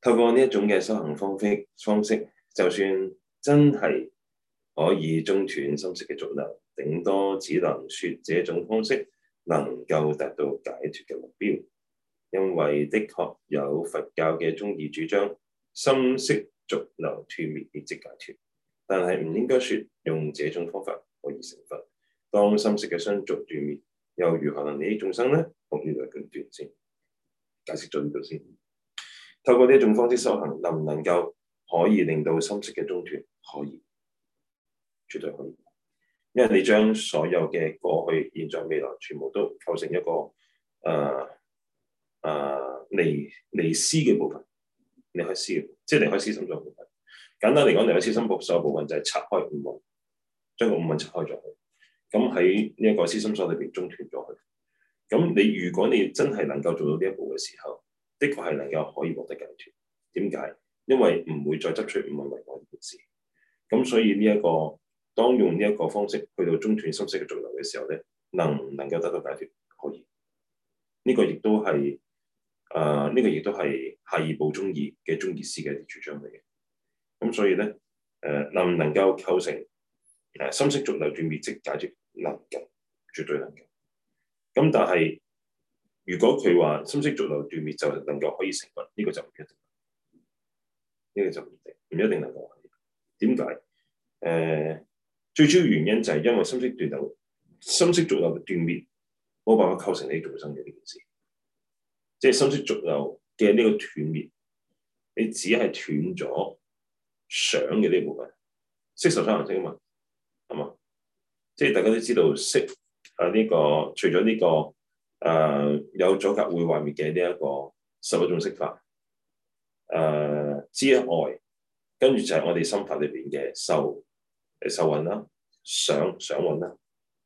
Speaker 1: 透過呢一種嘅修行方式，方式就算真係可以中斷心識嘅續流，頂多只能說這種方式能夠達到解脱嘅目標，因為的確有佛教嘅宗義主張，心識續流斷滅亦即解脱，但係唔應該說用這種方法可以成佛。當心識嘅相續斷滅，又如何能利益眾生呢？我呢度斷斷先，解釋咗呢度先。透過呢一種方式修行，能唔能夠可以令到心識嘅中斷？可以，絕對可以。因為你將所有嘅過去、現在、未來，全部都構成一個誒誒、呃呃、離離思嘅部分，你可以離開思，即係離開思心所部分。簡單嚟講，離開思心所有所部分就係拆開五蘊，將個五蘊拆開咗去。咁喺呢一個思心所裏邊中斷咗去。咁你如果你真係能夠做到呢一步嘅時候，的確係能夠可以獲得解脫。點解？因為唔會再執取五蘊為我呢件事。咁所以呢、這、一個。當用呢一個方式去到中斷心識嘅續流嘅時候咧，能唔能夠得到解脫？可以。呢、這個亦都係啊，呢、呃這個亦都係下二部宗義嘅宗義師嘅主張嚟嘅。咁所以咧，誒、呃，能唔能夠構成誒心識續流斷滅即解脫？能嘅，絕對能嘅。咁但係如果佢話心識續流斷滅就能夠可以成佛呢、這個就唔一定，呢、這個就唔一定，唔一定能夠。點解？誒、呃。最主要原因就係因為心識斷流斷、心識續流嘅斷滅，冇辦法構成你重生嘅呢件事。即係心識續流嘅呢個斷滅，你只係斷咗想嘅呢部分，色受想行識啊嘛，係嘛？即係大家都知道色，色啊呢個除咗呢、這個誒、呃、有阻隔會幻滅嘅呢一個十一種色法誒、呃、之外，跟住就係我哋心法裏邊嘅受。受蘊啦、想想蘊啦、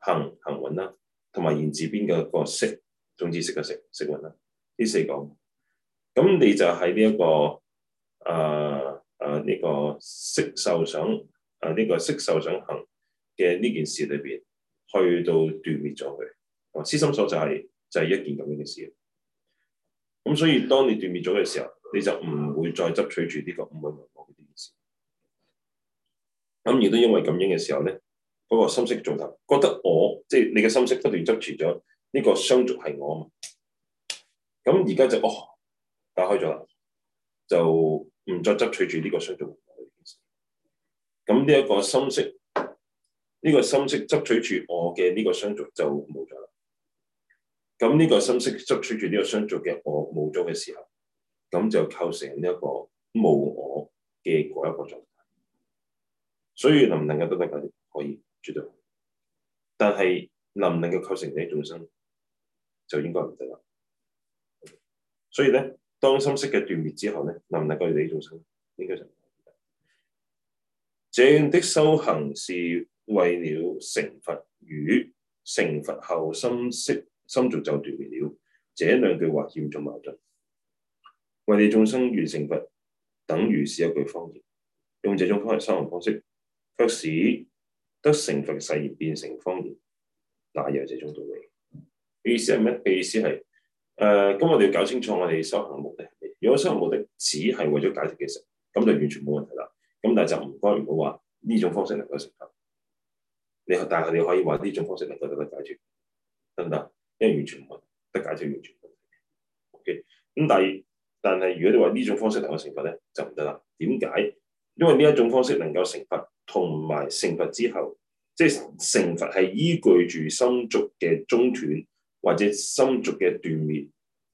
Speaker 1: 行行蘊啦，同埋言字邊嘅個識，總之識嘅識識蘊啦，呢四個，咁你就喺呢一個、呃、啊啊呢、這個識受想啊呢、這個識受想行嘅呢件事裏邊，去到斷滅咗佢，啊痴心所就係、是、就係、是、一件咁樣嘅事，咁所以當你斷滅咗嘅時候，你就唔會再執取住呢個五蘊六嘅呢件事。咁亦都因為咁樣嘅時候咧，嗰、那個心識做頭覺得我，即、就、係、是、你嘅心識不斷執取咗呢個相續係我啊嘛。咁而家就哦，打開咗啦，就唔再執取住呢個相續。咁呢一個心識，呢、這個心識執取住我嘅呢個相續就冇咗啦。咁呢個心識執取住呢個相續嘅我冇咗嘅時候，咁就構成呢一個冇我嘅嗰一個所以能唔能，能，能夠得到解脫可以絕對，但係能唔能夠構成你啲眾生就應該唔得啦。所以咧，當心識嘅斷滅之後咧，能唔能夠救你啲眾生應該就唔得。這樣的修行是為了成佛，與成佛後心識心續就斷滅了，這兩句話嚴重矛盾。為利眾生願成佛，等於是一句謊言。用這種方法修行方式。卻使得成佛誓願變成謊言，那有這種道理？意思係咩？意思係，誒、呃，咁我哋要搞清楚我哋修行的目的係咩？如果修行的目的只係為咗解脱嘅時候，咁就完全冇問題啦。咁但係就唔該唔好話呢種方式能夠成佛，你但係你可以話呢種方式能夠得解脱，得唔得？因為完全冇問題，得解脱完全冇問題。O K，咁第，但係如果你話呢種方式能夠成佛咧，就唔得啦。點解？因為呢一種方式能夠成佛，同埋成佛之後，即係成佛係依據住心續嘅中斷或者心續嘅斷滅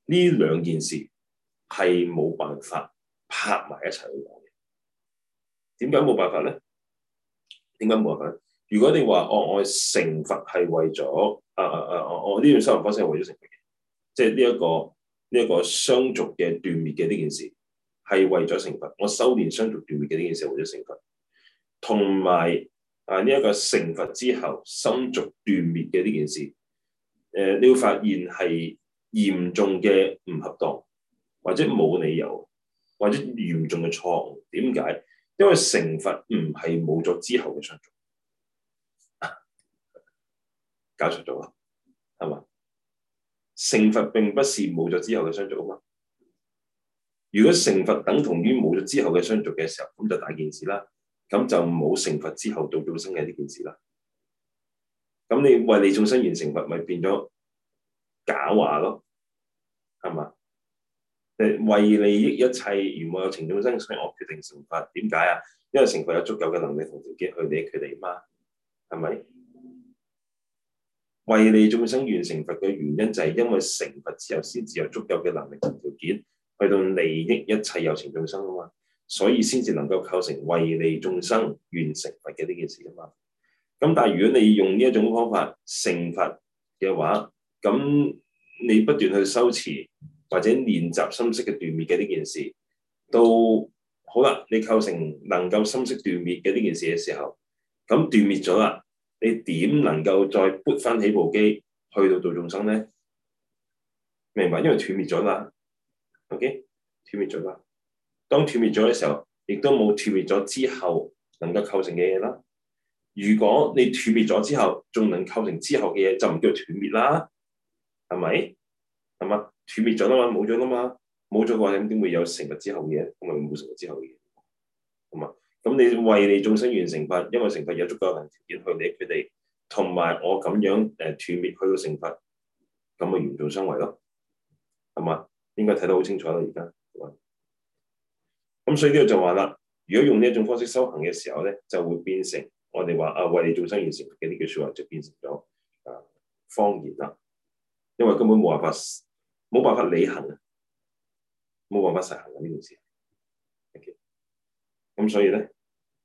Speaker 1: 呢兩件事係冇辦法拍埋一齊去講嘅。點解冇辦法咧？點解冇辦法？如果你話哦，我成佛係為咗啊啊啊，啊！我我呢種生活方式係為咗成佛嘅，即係呢一個呢一個相續嘅斷滅嘅呢件事。係為咗成佛，我修煉相續斷滅嘅呢件事為咗成佛，同埋啊呢一個成佛之後，心續斷滅嘅呢件事，誒、呃，你會發現係嚴重嘅唔合當，或者冇理由，或者嚴重嘅錯誤。點解？因為成佛唔係冇咗之後嘅相續，啊，搞錯咗啊，係嘛？成佛並不是冇咗之後嘅相續啊嘛。如果成佛等同於冇咗之後嘅相續嘅時候，咁就大件事啦。咁就冇成佛之後度眾生嘅呢件事啦。咁你為利眾生願成佛咪變咗假話咯，係嘛？誒，為利益一切如母有情眾生，所以我決定成佛。點解啊？因為成佛有足夠嘅能力同條件去理佢哋嘛，係咪？為利眾生願成佛嘅原因就係因為成佛之後先至有足夠嘅能力同條件。去到利益一切有情眾生啊嘛，所以先至能夠構成為利眾生完成佛嘅呢件事啊嘛。咁但係如果你用呢一種方法成佛嘅話，咁你不斷去修持或者練習心識嘅斷滅嘅呢件事，到好啦，你構成能夠心識斷滅嘅呢件事嘅時候，咁斷滅咗啦，你點能夠再撥翻起部機去到度眾生咧？明白，因為斷滅咗啦。O.K. 斷滅咗啦，當斷滅咗嘅時候，亦都冇斷滅咗之後能夠構成嘅嘢啦。如果你斷滅咗之後，仲能構成之後嘅嘢，就唔叫斷滅啦，係咪？係嘛？斷滅咗啦嘛，冇咗啦嘛，冇咗嘅話，咁點會有成佛之後嘅嘢？咁咪唔會成佛之後嘅嘢。係嘛？咁你為你眾生願成佛，因為成佛有足夠嘅條件去俾佢哋，同埋我咁樣誒斷滅佢個成佛，咁咪嚴重傷害咯。係嘛？應該睇得好清楚啦，而家咁，所以呢度就話啦，如果用呢一種方式修行嘅時候咧，就會變成我哋、啊、話啊為利眾生願成佛嘅呢句説話，就變成咗啊，呃、謊言啦，因為根本冇辦法，冇辦法履行啊，冇辦法實行緊呢件事。咁、okay. 所以咧，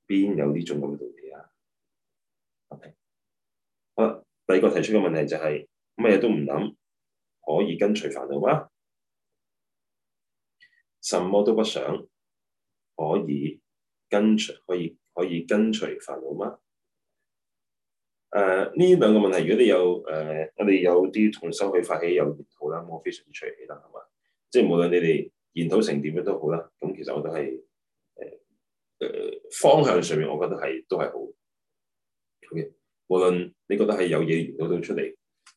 Speaker 1: 邊有呢種咁嘅道理啊？啊、okay.，第二個提出嘅問題就係乜嘢都唔諗，可以根除煩惱嗎？什麼都不想，可可，可以根除，可以可以根除煩惱嗎？誒，呢兩個問題，如果你有誒，我、uh, 哋有啲重新去發起有研討啦，我非常之隨喜嘅啦，係嘛？即係無論你哋研討成點樣都好啦，咁其實我都係誒誒方向上面、okay.，我覺得係都係好嘅。無論你覺得係有嘢研討到出嚟，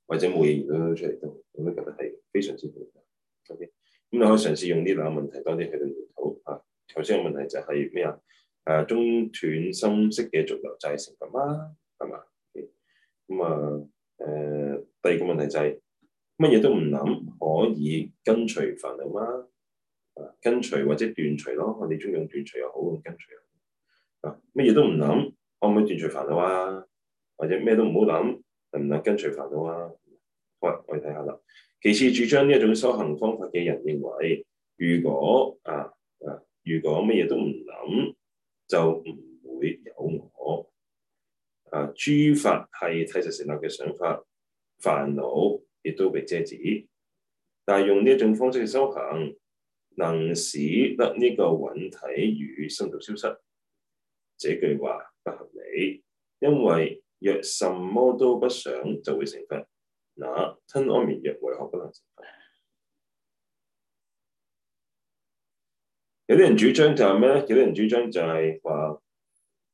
Speaker 1: 或者冇嘢研討到出嚟都，我都覺得係非常之好嘅。O.K. 咁你可以嘗試用呢兩個問題多啲去到研討吓。頭先嘅問題就係咩啊？誒中斷心識嘅續流即成佛啦，啊，係嘛？咁啊誒、呃，第二個問題就係乜嘢都唔諗可以根除煩惱嗎？根、啊、除或者斷除咯，我哋中意用斷除又好，用根除又好。啊，乜嘢都唔諗，可唔可以斷除煩惱啊？或者咩都唔好諗，能唔能根除煩惱啊？好，我哋睇下啦。其次，主張呢一種修行方法嘅人認為，如果啊啊，如果乜嘢都唔諗，就唔會有我啊。諸法係諦實成立嘅想法，煩惱亦都被遮止。但係用呢一種方式修行，能使得呢個蘊體與心續消失。這句話不合理，因為若什麼都不想，就會成佛。嗱，吞安眠藥為何不能成佛？ [noise] 有啲人主張就係咩咧？有啲人主張就係話，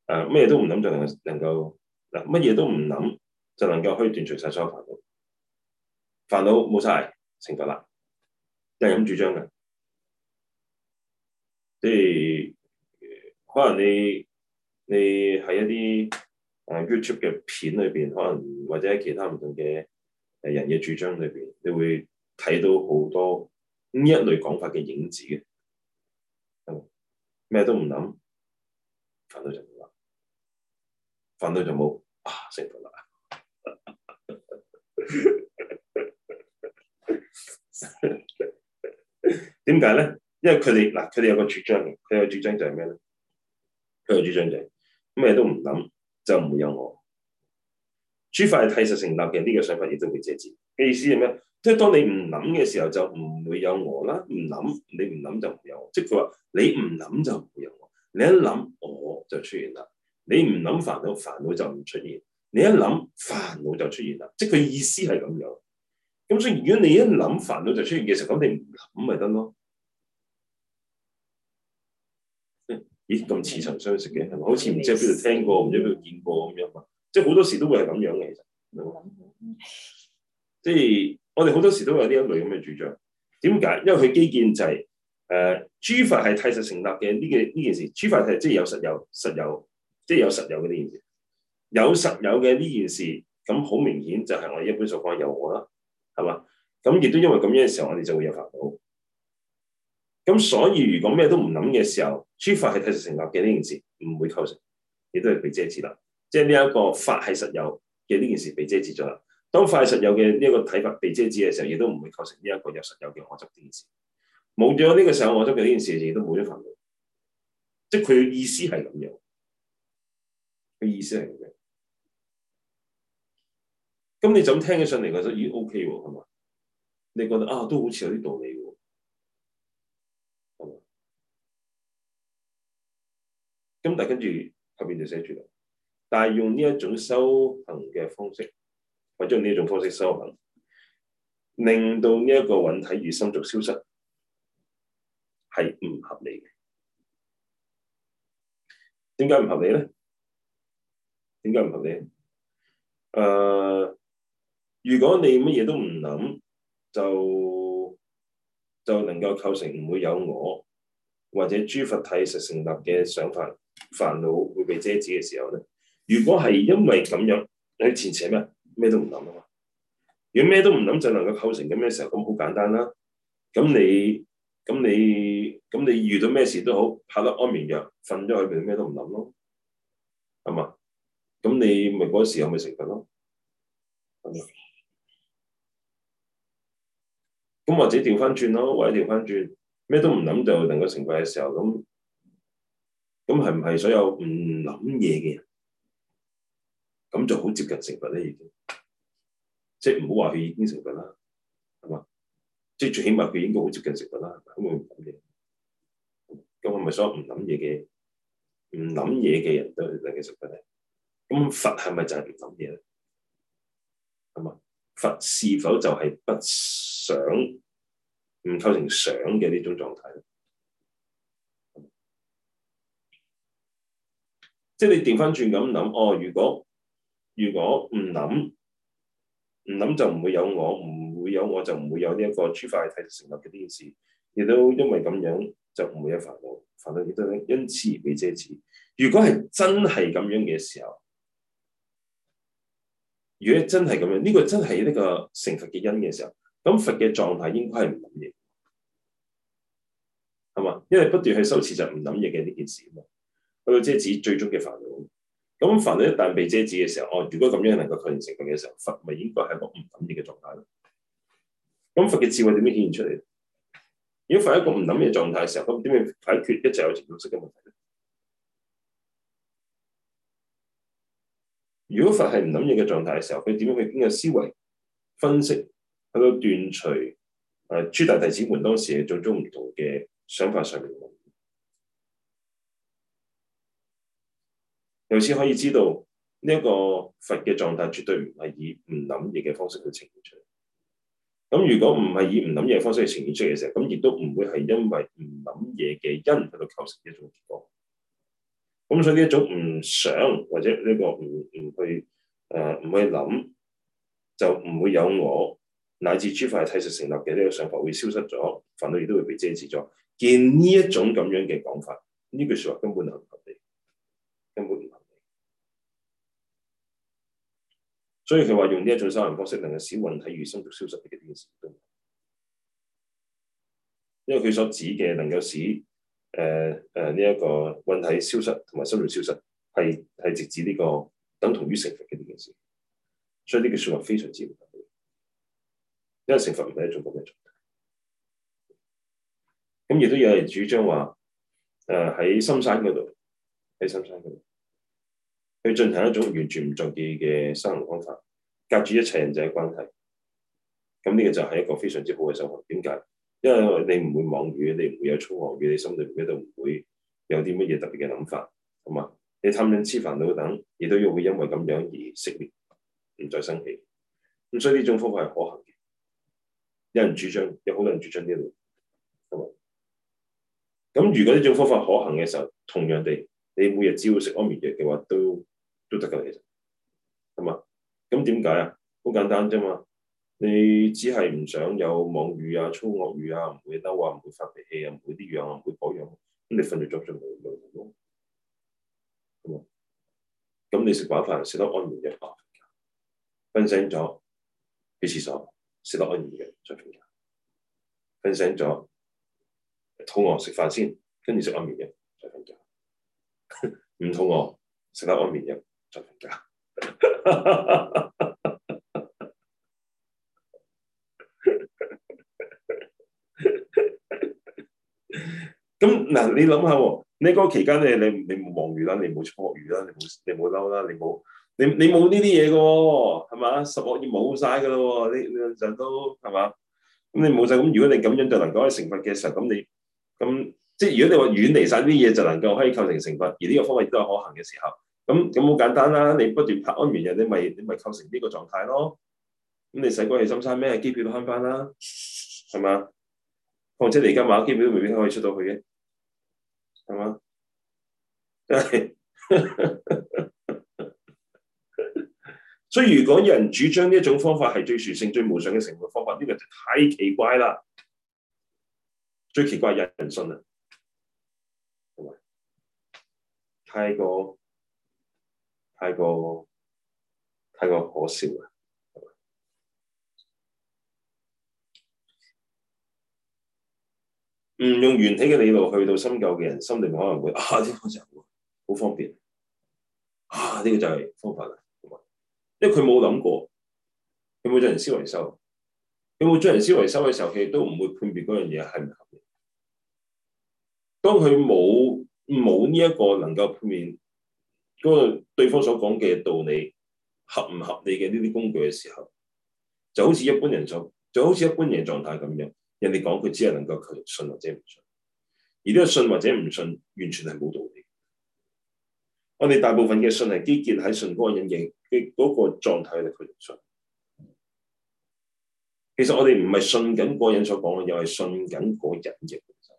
Speaker 1: 誒咩都唔諗就能、能夠，嗱乜嘢都唔諗就能夠可以斷除曬所有煩惱，煩惱冇晒成就啦，就係咁主張嘅。即係、呃、可能你你喺一啲誒 YouTube 嘅片裏邊，可能或者其他唔同嘅。誒，人嘅主張裏邊，你會睇到好多呢一類講法嘅影子嘅，咩都唔諗，反到就冇，反到就冇，啊，死啦！點解咧？因為佢哋嗱，佢哋有個主張嘅，佢個主張就係咩咧？佢個主張就係、是、咩都唔諗，就唔會有我。諸法係諦實成立嘅，呢個想法亦都會遮住。嘅意思係咩？即係當你唔諗嘅時候，就唔會有我啦。唔諗，你唔諗就唔有我。即係佢話你唔諗就唔有我。你一諗，我就出現啦。你唔諗煩惱，煩惱就唔出現。你一諗煩惱就出現啦。即係佢意思係咁樣。咁所以如果你一諗煩惱就出現嘅時候，咁你唔諗咪得咯？咦？咁似曾相識嘅，係咪？好似唔知喺邊度聽過，唔知喺邊度見過咁樣嘛？即係好多時都會係咁樣嘅，其實冇、嗯、即係我哋好多時都有呢一類咁嘅主張。點解？因為佢基建就係、是、誒、呃、諸法係諦實成立嘅呢嘅呢件事。諸法係即係有實有實有，實有即係有實有嘅呢件事。有實有嘅呢件事，咁好明顯就係我哋一般所講嘅有我啦，係嘛？咁亦都因為咁樣嘅時候，我哋就會有法到。咁所以如果咩都唔諗嘅時候，諸法係諦實成立嘅呢件事，唔會構成，亦都係被遮止啦。即係呢一個法係實有嘅呢件事被遮住咗啦。當法係實有嘅呢一個睇法被遮住嘅時候，亦都唔會構成呢一個有實有嘅我執呢件事。冇咗呢個時候，我執嘅呢件事亦都冇咗份。即係佢意思係咁樣，佢意思係咁樣。咁你就咁聽起上嚟，覺得咦 OK 喎，係咪？你覺得啊，都好似有啲道理喎，係咪？咁但係跟住後面就寫住啦。但係用呢一種修行嘅方式，或者用呢一種方式修行，令到呢一個蘊體與心續消失，係唔合理嘅。點解唔合理咧？點解唔合理？誒、呃，如果你乜嘢都唔諗，就就能夠構成唔會有我或者諸法諦實成立嘅想法，煩惱會被遮止嘅時候咧？如果係因為咁樣，你前程咩咩都唔諗啊嘛！如果咩都唔諗，就能夠構成嘅咩時候咁好簡單啦。咁你咁你咁你遇到咩事都好，拍粒安眠藥瞓咗去，咪咩都唔諗咯，係嘛？咁你咪嗰時候咪成佛咯。咁，或者調翻轉咯，或者調翻轉，咩都唔諗就能夠成佛嘅時候咁。咁係唔係所有唔諗嘢嘅人？咁就好接近成佛咧，已經即係唔好話佢已經成佛啦，係嘛？即係最起碼佢應該好接近成佛啦。咁我唔諗嘢，咁係咪所有唔諗嘢嘅唔諗嘢嘅人都係成嘅成佛咧？咁佛係咪就係唔諗嘢咧？係嘛？佛是否就係不想唔構成想嘅呢種狀態？即係你調翻轉咁諗，哦，如果如果唔諗唔諗就唔會有我，唔會有我就唔會有呢一個諸法諦實成立嘅呢件事，亦都因為咁樣就唔會有煩惱，煩惱幾多因此而被遮止。如果係真係咁樣嘅時候，如果真係咁樣，呢個真係呢個成佛嘅因嘅時候，咁佛嘅狀態應該係唔諗嘢，係嘛？因為不斷去修持就唔諗嘢嘅呢件事啊嘛，去遮止最終嘅煩惱。咁佛咧一旦被遮止嘅時候，哦，如果咁樣能夠確認成功嘅時候，佛咪應該係一個唔諗嘢嘅狀態咯。咁佛嘅智慧點樣顯現出嚟？如果佛係一個唔諗嘢狀態嘅時候，咁點樣解決一切有情有識嘅問題咧？如果佛係唔諗嘢嘅狀態嘅時候，佢點樣去經由思維分析去到斷除誒諸大弟子們當時嘅種種唔同嘅想法上面？由此可以知道呢一個佛嘅狀態，絕對唔係以唔諗嘢嘅方式去呈現出嚟。咁如果唔係以唔諗嘢方式去呈現出嚟嘅時候，咁亦都唔會係因為唔諗嘢嘅因喺度構成一種結果。咁所以呢一種唔想或者呢個唔唔去誒唔、呃、去諗，就唔會有我乃至諸法諦實成立嘅呢個想法會消失咗，煩惱亦都會被遮止咗。見呢一種咁樣嘅講法，呢句說話根本係唔合理，根本唔合理。所以佢話用呢一種修行方式，能夠使蘊體與心續消失嘅呢件事，因為佢所指嘅能夠使誒誒呢一個蘊體消失同埋心續消失，係係直指呢個等同於成佛嘅呢件事。所以呢句説話非常之合理，因為成佛唔係一種咁嘅狀態。咁亦都有人主張話，誒、呃、喺深山度，喺深山嗰度，去進行一種完全唔作意嘅生活方法，隔住一切人際關係，咁呢個就係一個非常之好嘅修行。點解？因為你唔會妄語，你唔會有粗惡語，你心裏面都唔會有啲乜嘢特別嘅諗法，係嘛。你貪瞋痴煩惱等，亦都要會因為咁樣而熄滅，唔再生起。咁所以呢種方法係可行嘅。有人主張，有好多人主張呢度，係嘛。咁。如果呢種方法可行嘅時候，同樣地，你每日只要食安眠藥嘅話，都都得噶，其實係嘛？咁點解啊？好簡單啫嘛。你只係唔想有妄語啊、粗惡語啊，唔會嬲啊，唔會發脾氣啊，唔會啲樣啊，唔會嗰樣、啊。咁、啊、你瞓住咗做咪累完咯，
Speaker 2: 係嘛？
Speaker 1: 咁你食飽飯食得安眠藥啊？瞓醒咗去廁所食得安眠藥再瞓覺。瞓醒咗肚餓食飯先飯，跟住食安眠藥再瞓覺。唔 [laughs] 肚餓食得安眠藥。就唔到，咁嗱、 [laughs] 啊，你諗下喎，你嗰期間你你你唔妄語啦，你唔粗語啦，你唔你唔嬲啦，你冇你你冇呢啲嘢嘅喎，係嘛，十惡業冇晒嘅啦，你你上都係嘛，咁你冇晒，咁如果你咁樣就能夠喺成佛嘅時候，咁你咁即係如果你話遠離晒呢啲嘢，就能夠可以構成成佛，而呢個方法亦都係可行嘅時候。咁咁好簡單啦！你不斷拍安眠藥，你咪你咪構成呢個狀態咯。咁你使鬼去深山咩？機票都慳翻啦，係嘛？況且你而家買機票都未必可以出到去嘅，係嘛？ [laughs] 所以如果有人主張呢一種方法係最殊勝、最無上嘅成佛方法，呢、這個就太奇怪啦！最奇怪係有人信啊，係咪？太過。太過太過可笑啊！唔用原氣嘅理論去到深究嘅人，心地可能會啊呢、這個啊這個就候好方便啊！呢個就係方法啦，因為佢冇諗過，有冇將人思維收？有冇將人思維收嘅時候，佢亦都唔會判別嗰樣嘢係唔合理。當佢冇冇呢一個能夠判別。嗰個對方所講嘅道理合唔合理嘅呢啲工具嘅時候，就好似一般人狀，就好似一般人嘅狀態咁樣。人哋講佢只係能夠佢信或者唔信，而呢個信或者唔信，完全係冇道理。我哋大部分嘅信係基建喺信嗰個人嘅嗰個狀態嚟，佢哋信。其實我哋唔係信緊嗰人所講嘅，又係信緊嗰個人嘅本身。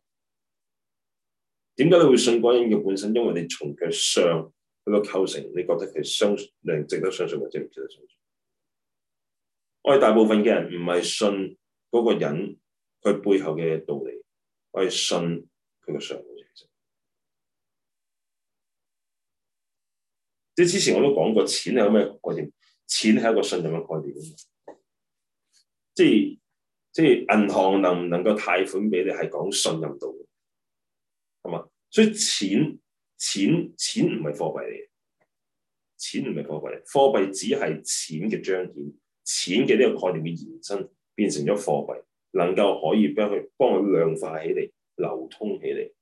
Speaker 1: 點解你會信嗰個人嘅本身？因為你從腳上。佢個構成，你覺得佢相你能值得相信或者唔值得相信？我哋大部分嘅人唔係信嗰個人，佢背後嘅道理，我係信佢個相。其實即係之前我都講過，錢係咩概念？錢係一個信任嘅概念。即係即係銀行能唔能夠貸款俾你，係講信任度嘅，係嘛？所以錢。錢錢唔係貨幣嚟嘅，錢唔係貨幣嚟，貨幣只係錢嘅彰顯，錢嘅呢個概念嘅延伸，變成咗貨幣，能夠可以將佢幫佢量化起嚟，流通起嚟。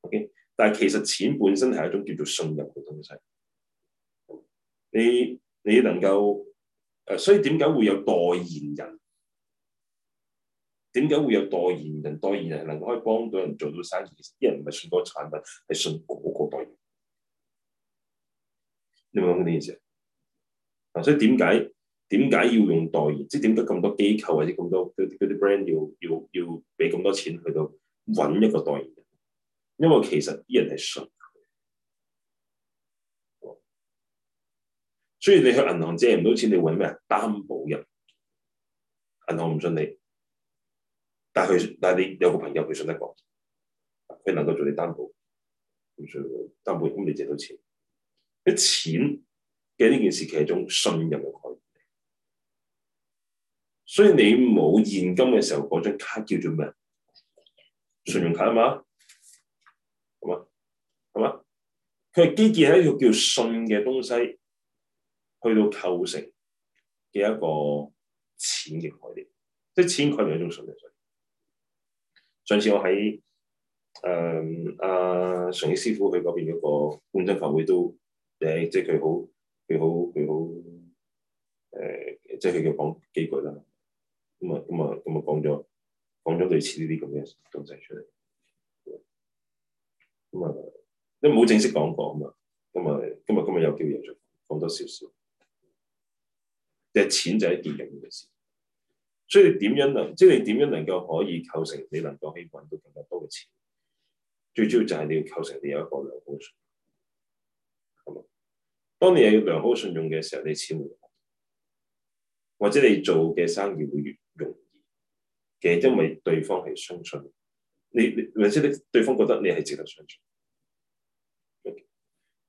Speaker 1: OK，但係其實錢本身係一種叫做信任嘅東西。你你能夠，誒，所以點解會有代言人？點解會有代言人？代言人能夠可以幫到人做到生意，啲人唔係信多產品，係信嗰個代言。你明唔明呢意思？啊？所以點解點解要用代言？即係點解咁多機構或者咁多嗰啲 brand 要要要俾咁多錢去到揾一個代言人？因為其實啲人係信佢。所以你去銀行借唔到錢，你揾咩啊？擔保人。銀行唔信你。但係佢，但係你有個朋友佢信得過，佢能夠做你擔保，咁做擔保，咁你借到錢。啲錢嘅呢件事其實係一種信任嘅概念。所以你冇現金嘅時候，嗰張卡叫做咩？信用卡啊嘛，係嘛？係嘛。佢係基建喺一個叫信嘅東西，去到構成嘅一個錢嘅概念，即係錢概念係一種信任。上次我喺誒阿常宇師傅佢嗰邊嗰個觀真法會，都誒，即係佢好佢好佢好誒，即係佢講幾句啦。咁啊咁啊咁啊，講咗講咗類似呢啲咁嘅東西出嚟。咁、嗯、啊、嗯，因為冇正式講過啊嘛。咁啊，今日今日有機會又再講多少少。即係錢就係一件重要嘅事。所以點樣能？即係你點樣能夠可以構成你能夠可以揾到更加多嘅錢？最主要就係你要構成你有一個良好嘅信用，係嘛？當你有良好信用嘅時候，你錢會多，或者你做嘅生意會越容易。嘅因為對方係相信你，你明唔明先？你對方覺得你係值得相信。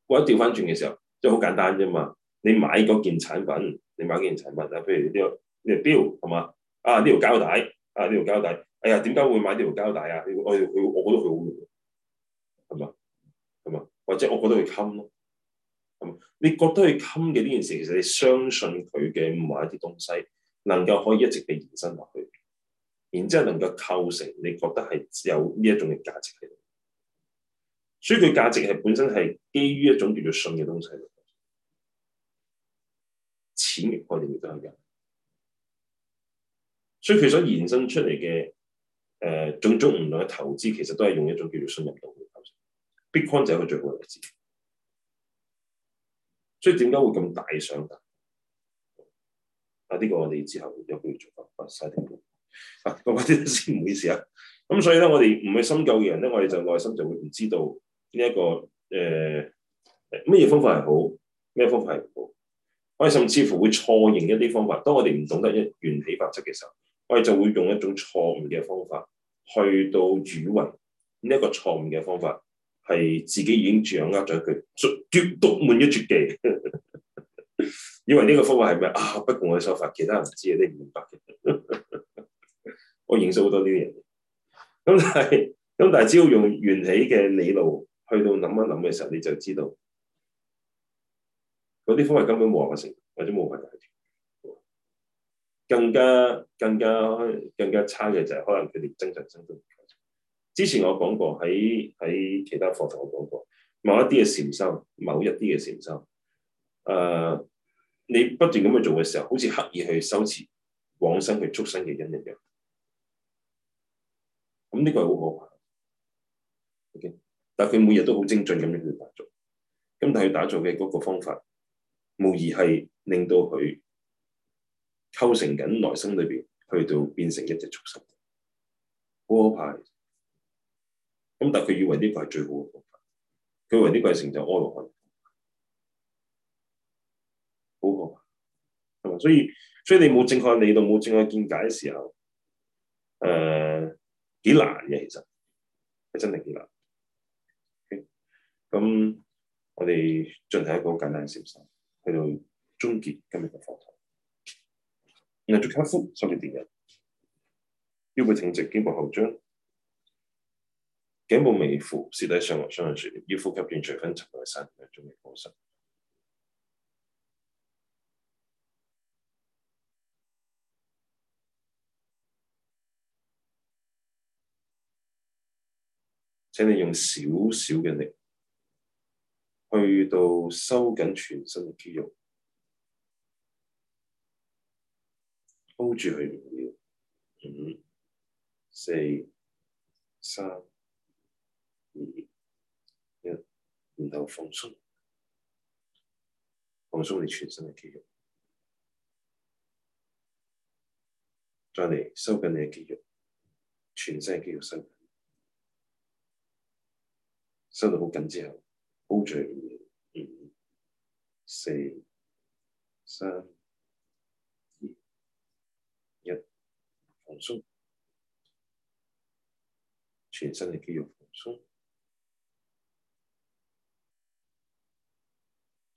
Speaker 1: 或者調翻轉嘅時候，即係好簡單啫嘛。你買嗰件產品，你買件產品啊，譬如呢個呢個標係嘛？這個啊！呢條膠帶，啊呢條膠帶，哎呀，點解會買呢條膠帶啊？我佢我，我覺得佢好用，係嘛係嘛，或者我覺得佢襟咯，係嘛？你覺得佢襟嘅呢件事，其實你相信佢嘅某一啲東西，能夠可以一直地延伸落去，然之後能夠構成你覺得係有呢一種嘅價值喺度，所以佢價值係本身係基於一種叫做信嘅東西嚟嘅，錢，我哋亦都係所以佢所延伸出嚟嘅誒，種種唔同嘅投資，其實都係用一種叫做信任度嘅投資。Bitcoin 就係佢最好嘅例子。所以點解會咁大上格？啊，呢、這個我哋之後有需要做啊。晒你嘅啊，各啲先唔好意思啊。咁所以咧，我哋唔去深究嘅人咧，我哋就內心就會唔知道呢、這、一個誒咩、呃、方法係好，咩方法係唔好。我哋甚至乎會錯認一啲方法。當我哋唔懂得一緣起法則嘅時候。我哋就會用一種錯誤嘅方法去到語雲呢一個錯誤嘅方法係自己已經掌握咗佢嘅獨門絕技， [laughs] 以為呢個方法係咩啊？不共我嘅手法其他人唔知嘅，都唔明白嘅。 [laughs] 我認識好多呢啲嘢。咁但係，咁但係，只要用緣起嘅理路去到諗一諗嘅時候，你就知道嗰啲方法根本冇辦法成，或者冇辦法行。更加更加更加差嘅就係可能佢哋增上生都唔夠。之前我講過喺喺其他課堂我講過某一啲嘅禪修，某一啲嘅禪修，誒、uh, 你不斷咁去做嘅時候，好似刻意去修持往生去促生嘅因一樣。咁呢個係好可怕。O.K. 但係佢每日都好精進咁樣去打造，咁但係佢打造嘅嗰個方法，無疑係令到佢。構成緊內心裏邊，去到變成一隻畜生，好可怕。咁但係佢以為呢個係最好嘅方法，佢以為呢個係成就安樂，好可怕。係咪？所以，所以你冇正確理論、冇正確見解嘅時候，誒、呃，幾難嘅，其實係真係幾難。咁、okay? 我哋進行一個簡單嘅小修，去到終結今日嘅課堂。然後做跏趺，首先第一，腰背挺直，肩部後張，頸部微伏，舌抵上落，上牙舌，腰腹吸住隨分沉落去三兩鍾嘅呼吸。請你用少少嘅力去到收緊全身嘅肌肉。hold 住佢五秒，五、四、三、二、一，然後放鬆，放鬆你全身嘅肌肉，再嚟收緊你嘅肌肉，全身嘅肌肉收緊，收到好緊之後，hold 住佢五秒，五、四、三。放鬆，全身嘅肌肉放鬆，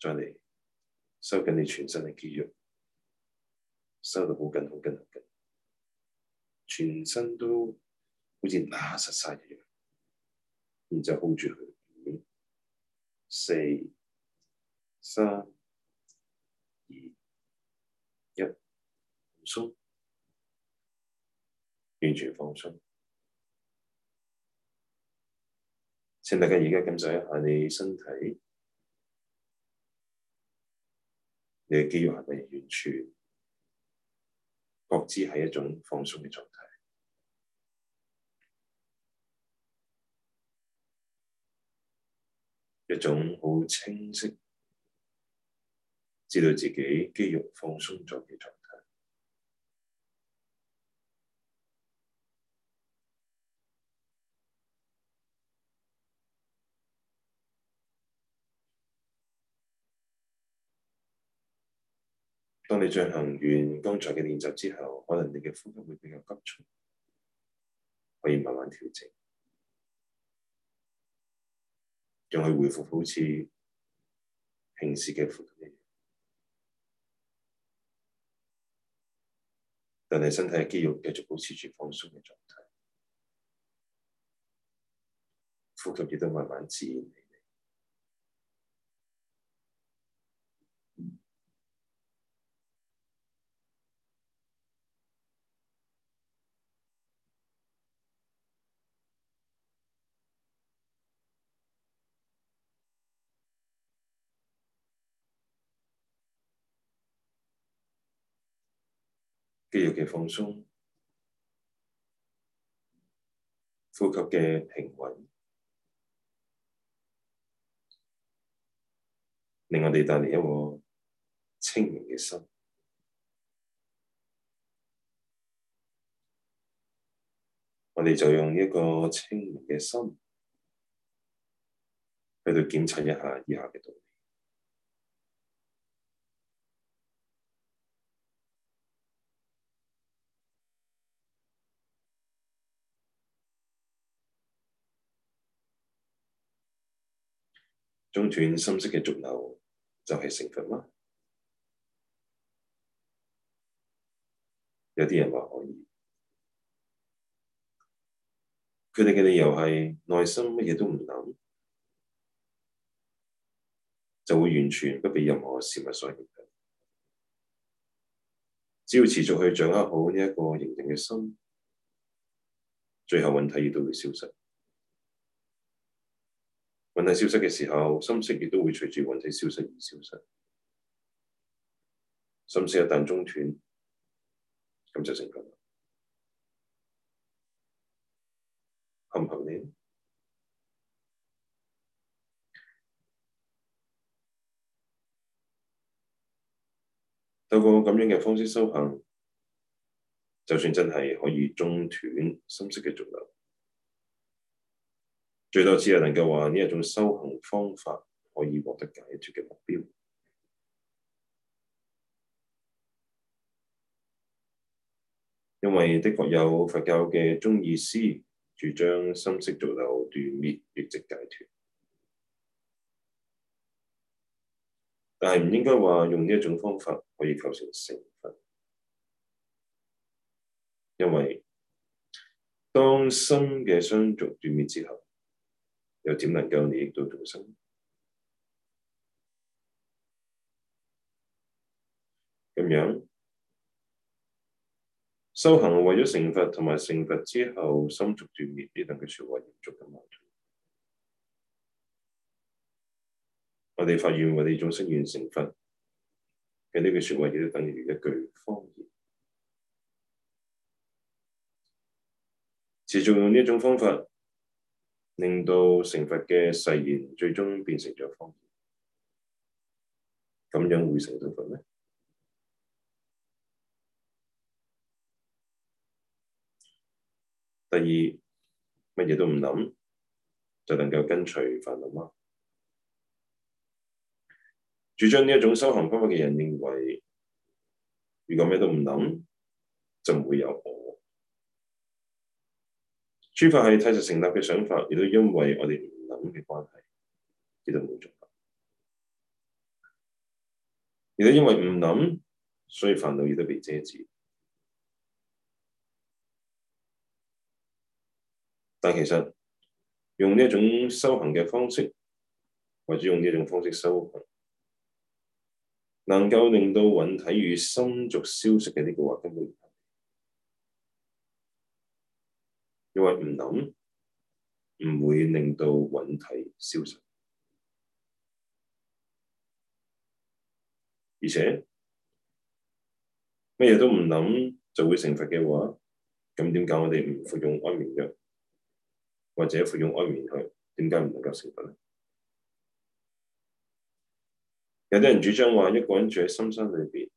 Speaker 1: 再嚟收緊你全身嘅肌肉，收到好緊好緊好緊，全身都好似拿實晒一樣，然之後 hold 住佢，四、三、
Speaker 2: 二、一，
Speaker 1: 放鬆。完全放鬆。請大家而家感受一下你身體，你嘅肌肉係咪完全覺知係一種放鬆嘅狀態，一種好清晰知道自己肌肉放鬆咗嘅狀態。當你進行完剛才嘅練習之後，可能你嘅呼吸會比較急促，可以慢慢調整，讓佢恢復好似平時嘅呼吸，但你身體嘅肌肉繼續保持住放鬆嘅狀態，呼吸亦都慢慢自然。肌肉嘅放鬆、呼吸嘅平穩，令我哋帶嚟一個清明嘅心。我哋就用一個清明嘅心，喺度檢查一下以下嘅動作。中斷心識嘅續流就係、是、成佛嗎？有啲人話可以，佢哋嘅理由係內心乜嘢都唔諗，就會完全不被任何事物所影響。只要持續去掌握好呢一個凝定嘅心，最後蘊體亦都會消失。蘊體消失嘅時候，心識亦都會隨住蘊體消失而消失。心識一旦中斷，咁就成佛啦。合唔合理呢？透過咁樣嘅方式修行，就算真係可以中斷心識嘅續流。最多只係能夠話呢一種修行方法可以獲得解脫嘅目標，因為的確有佛教嘅宗義師主張心識續流斷滅亦即解脫，但係唔應該話用呢一種方法可以構成成佛，因為當心嘅相續斷滅之後。又點能夠利益到眾生？咁樣修行為咗成佛，同埋成佛之後心續斷滅呢？等嘅説話嚴重嘅矛盾。我哋發願我哋為利眾生願成佛，嘅呢句説話亦都等於一句謊言，持續用呢種方法。令到成佛嘅誓言最終變成咗謊言，咁樣會成咗佛咩？第二，乜嘢都唔諗就能夠根除煩惱嗎？主張呢一種修行方法嘅人認為，如果咩都唔諗，就唔會有我諸法係諦實成立嘅想法，亦都因為我哋唔諗嘅關係，得冇滿法。亦都因為唔諗，所以煩惱亦都被遮止。但其實用呢一種修行嘅方式，或者用呢一種方式修行，能夠令到蘊體與心續消失嘅呢句話根本。因為唔諗，唔會令到蘊體消失，而且乜嘢都唔諗就會成佛嘅話，咁點解我哋唔服用安眠藥，或者服用安眠藥？點解唔能夠成佛呢？有啲人主張話，一個人住喺深山裏邊，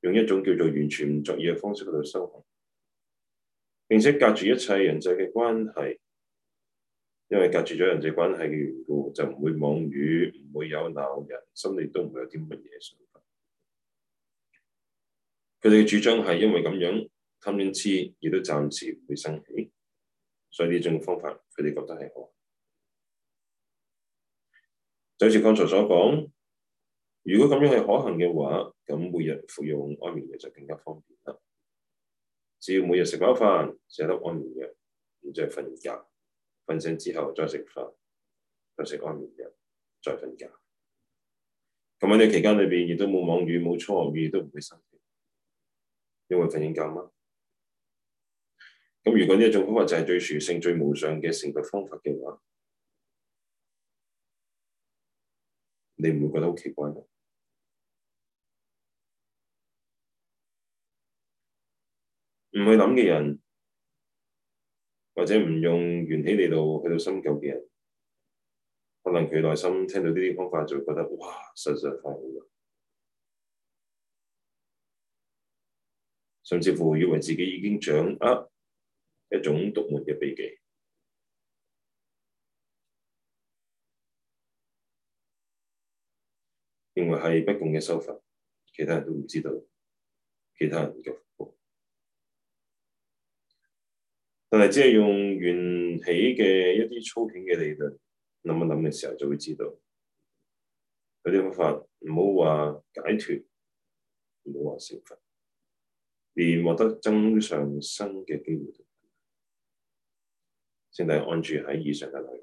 Speaker 1: 用一種叫做完全唔作意嘅方式嗰度修行。並且隔住一切人際嘅關係，因為隔住咗人際關係嘅緣故，就唔會妄語，唔會有鬧人，心裏都唔會有啲乜嘢想法。佢哋嘅主張係因為咁樣貪嗔痴，亦都暫時唔會生起，所以呢種方法佢哋覺得係好。就好似剛才所講，如果咁樣係可行嘅話，咁每日服用安眠藥就更加方便啦。只要每日食飽飯，食粒安眠藥，然之後瞓覺，瞓醒之後再食飯，再食安眠藥，再瞓覺。咁喺呢期間裏邊，亦都冇妄語，冇粗惡語，亦都唔會生氣，因為瞓緊覺啦。咁如果呢一種方法就係最殊勝、最無上嘅成佛方法嘅話，你唔會覺得好奇怪咩？唔去諗嘅人，或者唔用緣起理路去到深究嘅人，可能佢內心聽到呢啲方法，就會覺得哇，實實快好啦！甚至乎以為自己已經掌握一種獨門嘅秘技，認為係不共嘅修法，其他人都唔知道，其他人嘅但係只係用緣起嘅一啲粗淺嘅理論諗一諗嘅時候，就會知道有啲方法唔好話解脫，唔好話成佛，而獲得增上生嘅機會，先係安住喺以上嘅里。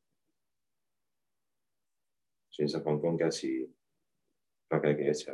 Speaker 1: 轉世放光一次，大概幾多錢？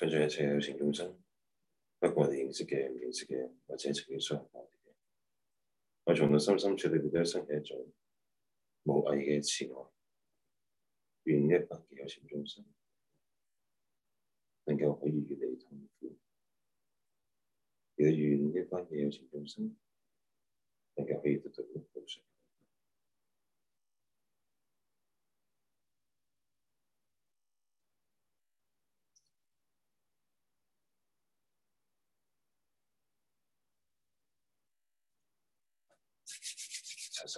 Speaker 1: 相信一切有情眾生，包括我哋認識嘅、唔認識嘅，或者曾經相遇過嘅，我從內心深處裏邊都生起一種無畏嘅慈愛，願一班嘅有情眾生，能夠可以遠離痛苦；亦都願一班嘅有情眾生，能夠可以得
Speaker 2: 到安樂。一、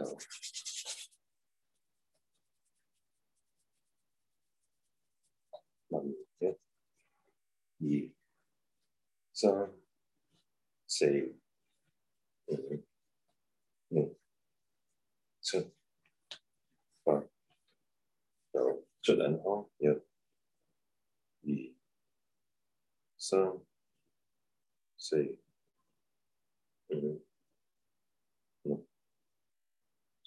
Speaker 2: 二、
Speaker 1: 三、四、五、六、七、八、九，十、十
Speaker 2: 一、二、三、四、五。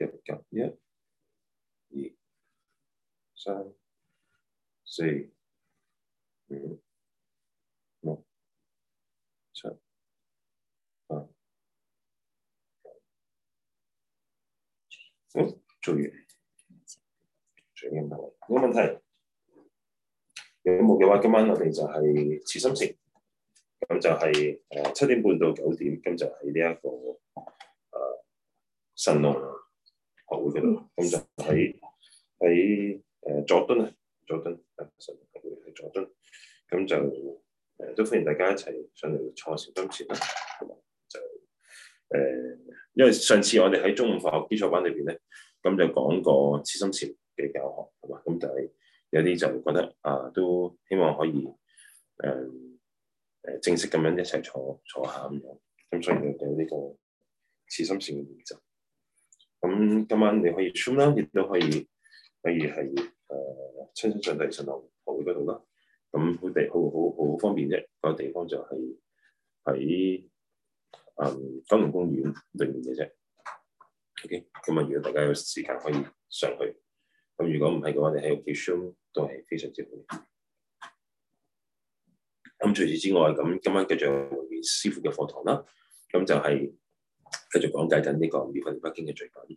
Speaker 1: 一、二、三、
Speaker 2: 四、五、六、七、八、九，好，做完最緊要冇問題。
Speaker 1: 有冇嘅話，今晚我哋就係慈心節，咁就係誒七點半到九點，咁就係呢一個誒神龍。呃好嘅，咁就喺喺誒佐敦啊，佐敦啊，實喺佐敦，咁、啊、就誒、呃、都歡迎大家一齊上嚟坐少針線啦，就誒、是呃，因為上次我哋喺中文學校基礎班裏邊咧，咁、嗯、就講過慈心禪嘅教學，係嘛，咁但係有啲就覺得啊，都希望可以誒誒、呃、正式咁樣一齊坐坐下咁樣，咁、嗯、所以就做呢個慈心禪嘅練習。咁今晚你可以 Zoom 啦，亦都可以，例如係誒親親上帝神流學會嗰度啦。咁佢哋好好好好方便啫，個地方就係喺誒金龍公園對面嘅啫。OK，咁啊，如果大家有時間可以上去，咁如果唔係嘅話，你喺屋企 Zoom 都係非常之好嘅。咁除此之外，咁今晚繼續師傅嘅課堂啦，咁就係、是。繼續講解緊、這、呢個《妙法北京》嘅作品。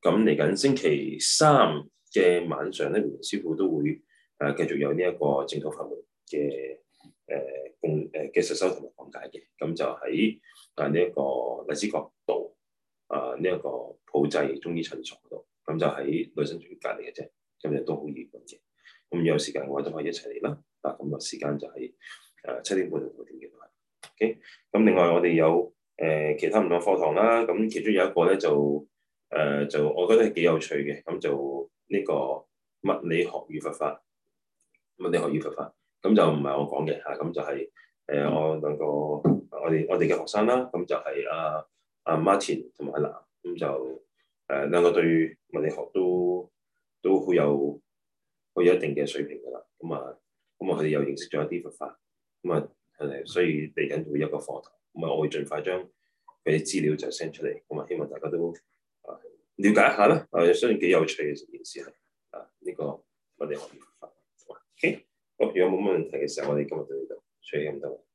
Speaker 1: 咁嚟緊星期三嘅晚上咧，吳師傅都會誒繼續有呢一個正統法門嘅誒共誒技術修同埋講解嘅。咁就喺啊呢一個荔枝角道啊呢一個普濟中醫診所嗰度。咁、啊這個、就喺女生所隔離嘅啫。今日都好熱咁嘅。咁有時間嘅話，都可以一齊嚟啦。啊，咁個時間就喺誒七點半到九點幾度。O K。咁另外我哋有。誒其他唔同課堂啦，咁其中有一個咧就誒就，呃、就我覺得係幾有趣嘅，咁就呢個物理學與佛法，物理學與佛法，咁就唔係我講嘅嚇，咁就係、是、誒、呃、我兩個我哋我哋嘅學生啦，咁就係阿阿 Martin 同埋阿蘭，咁、啊、就誒、呃、兩個對物理學都都好有，有一定嘅水平㗎啦，咁啊咁啊佢哋又認識咗一啲佛法，咁啊誒，所以嚟緊會有一個課堂。咁啊，我會盡快將佢啲資料就 send 出嚟，咁啊，希望大家都啊瞭解一下啦。啊，相信幾有趣嘅一件事係啊，呢、這個我哋可以發
Speaker 2: ，ok，可如果冇乜問題嘅時候，我哋今日到呢度，就咁多。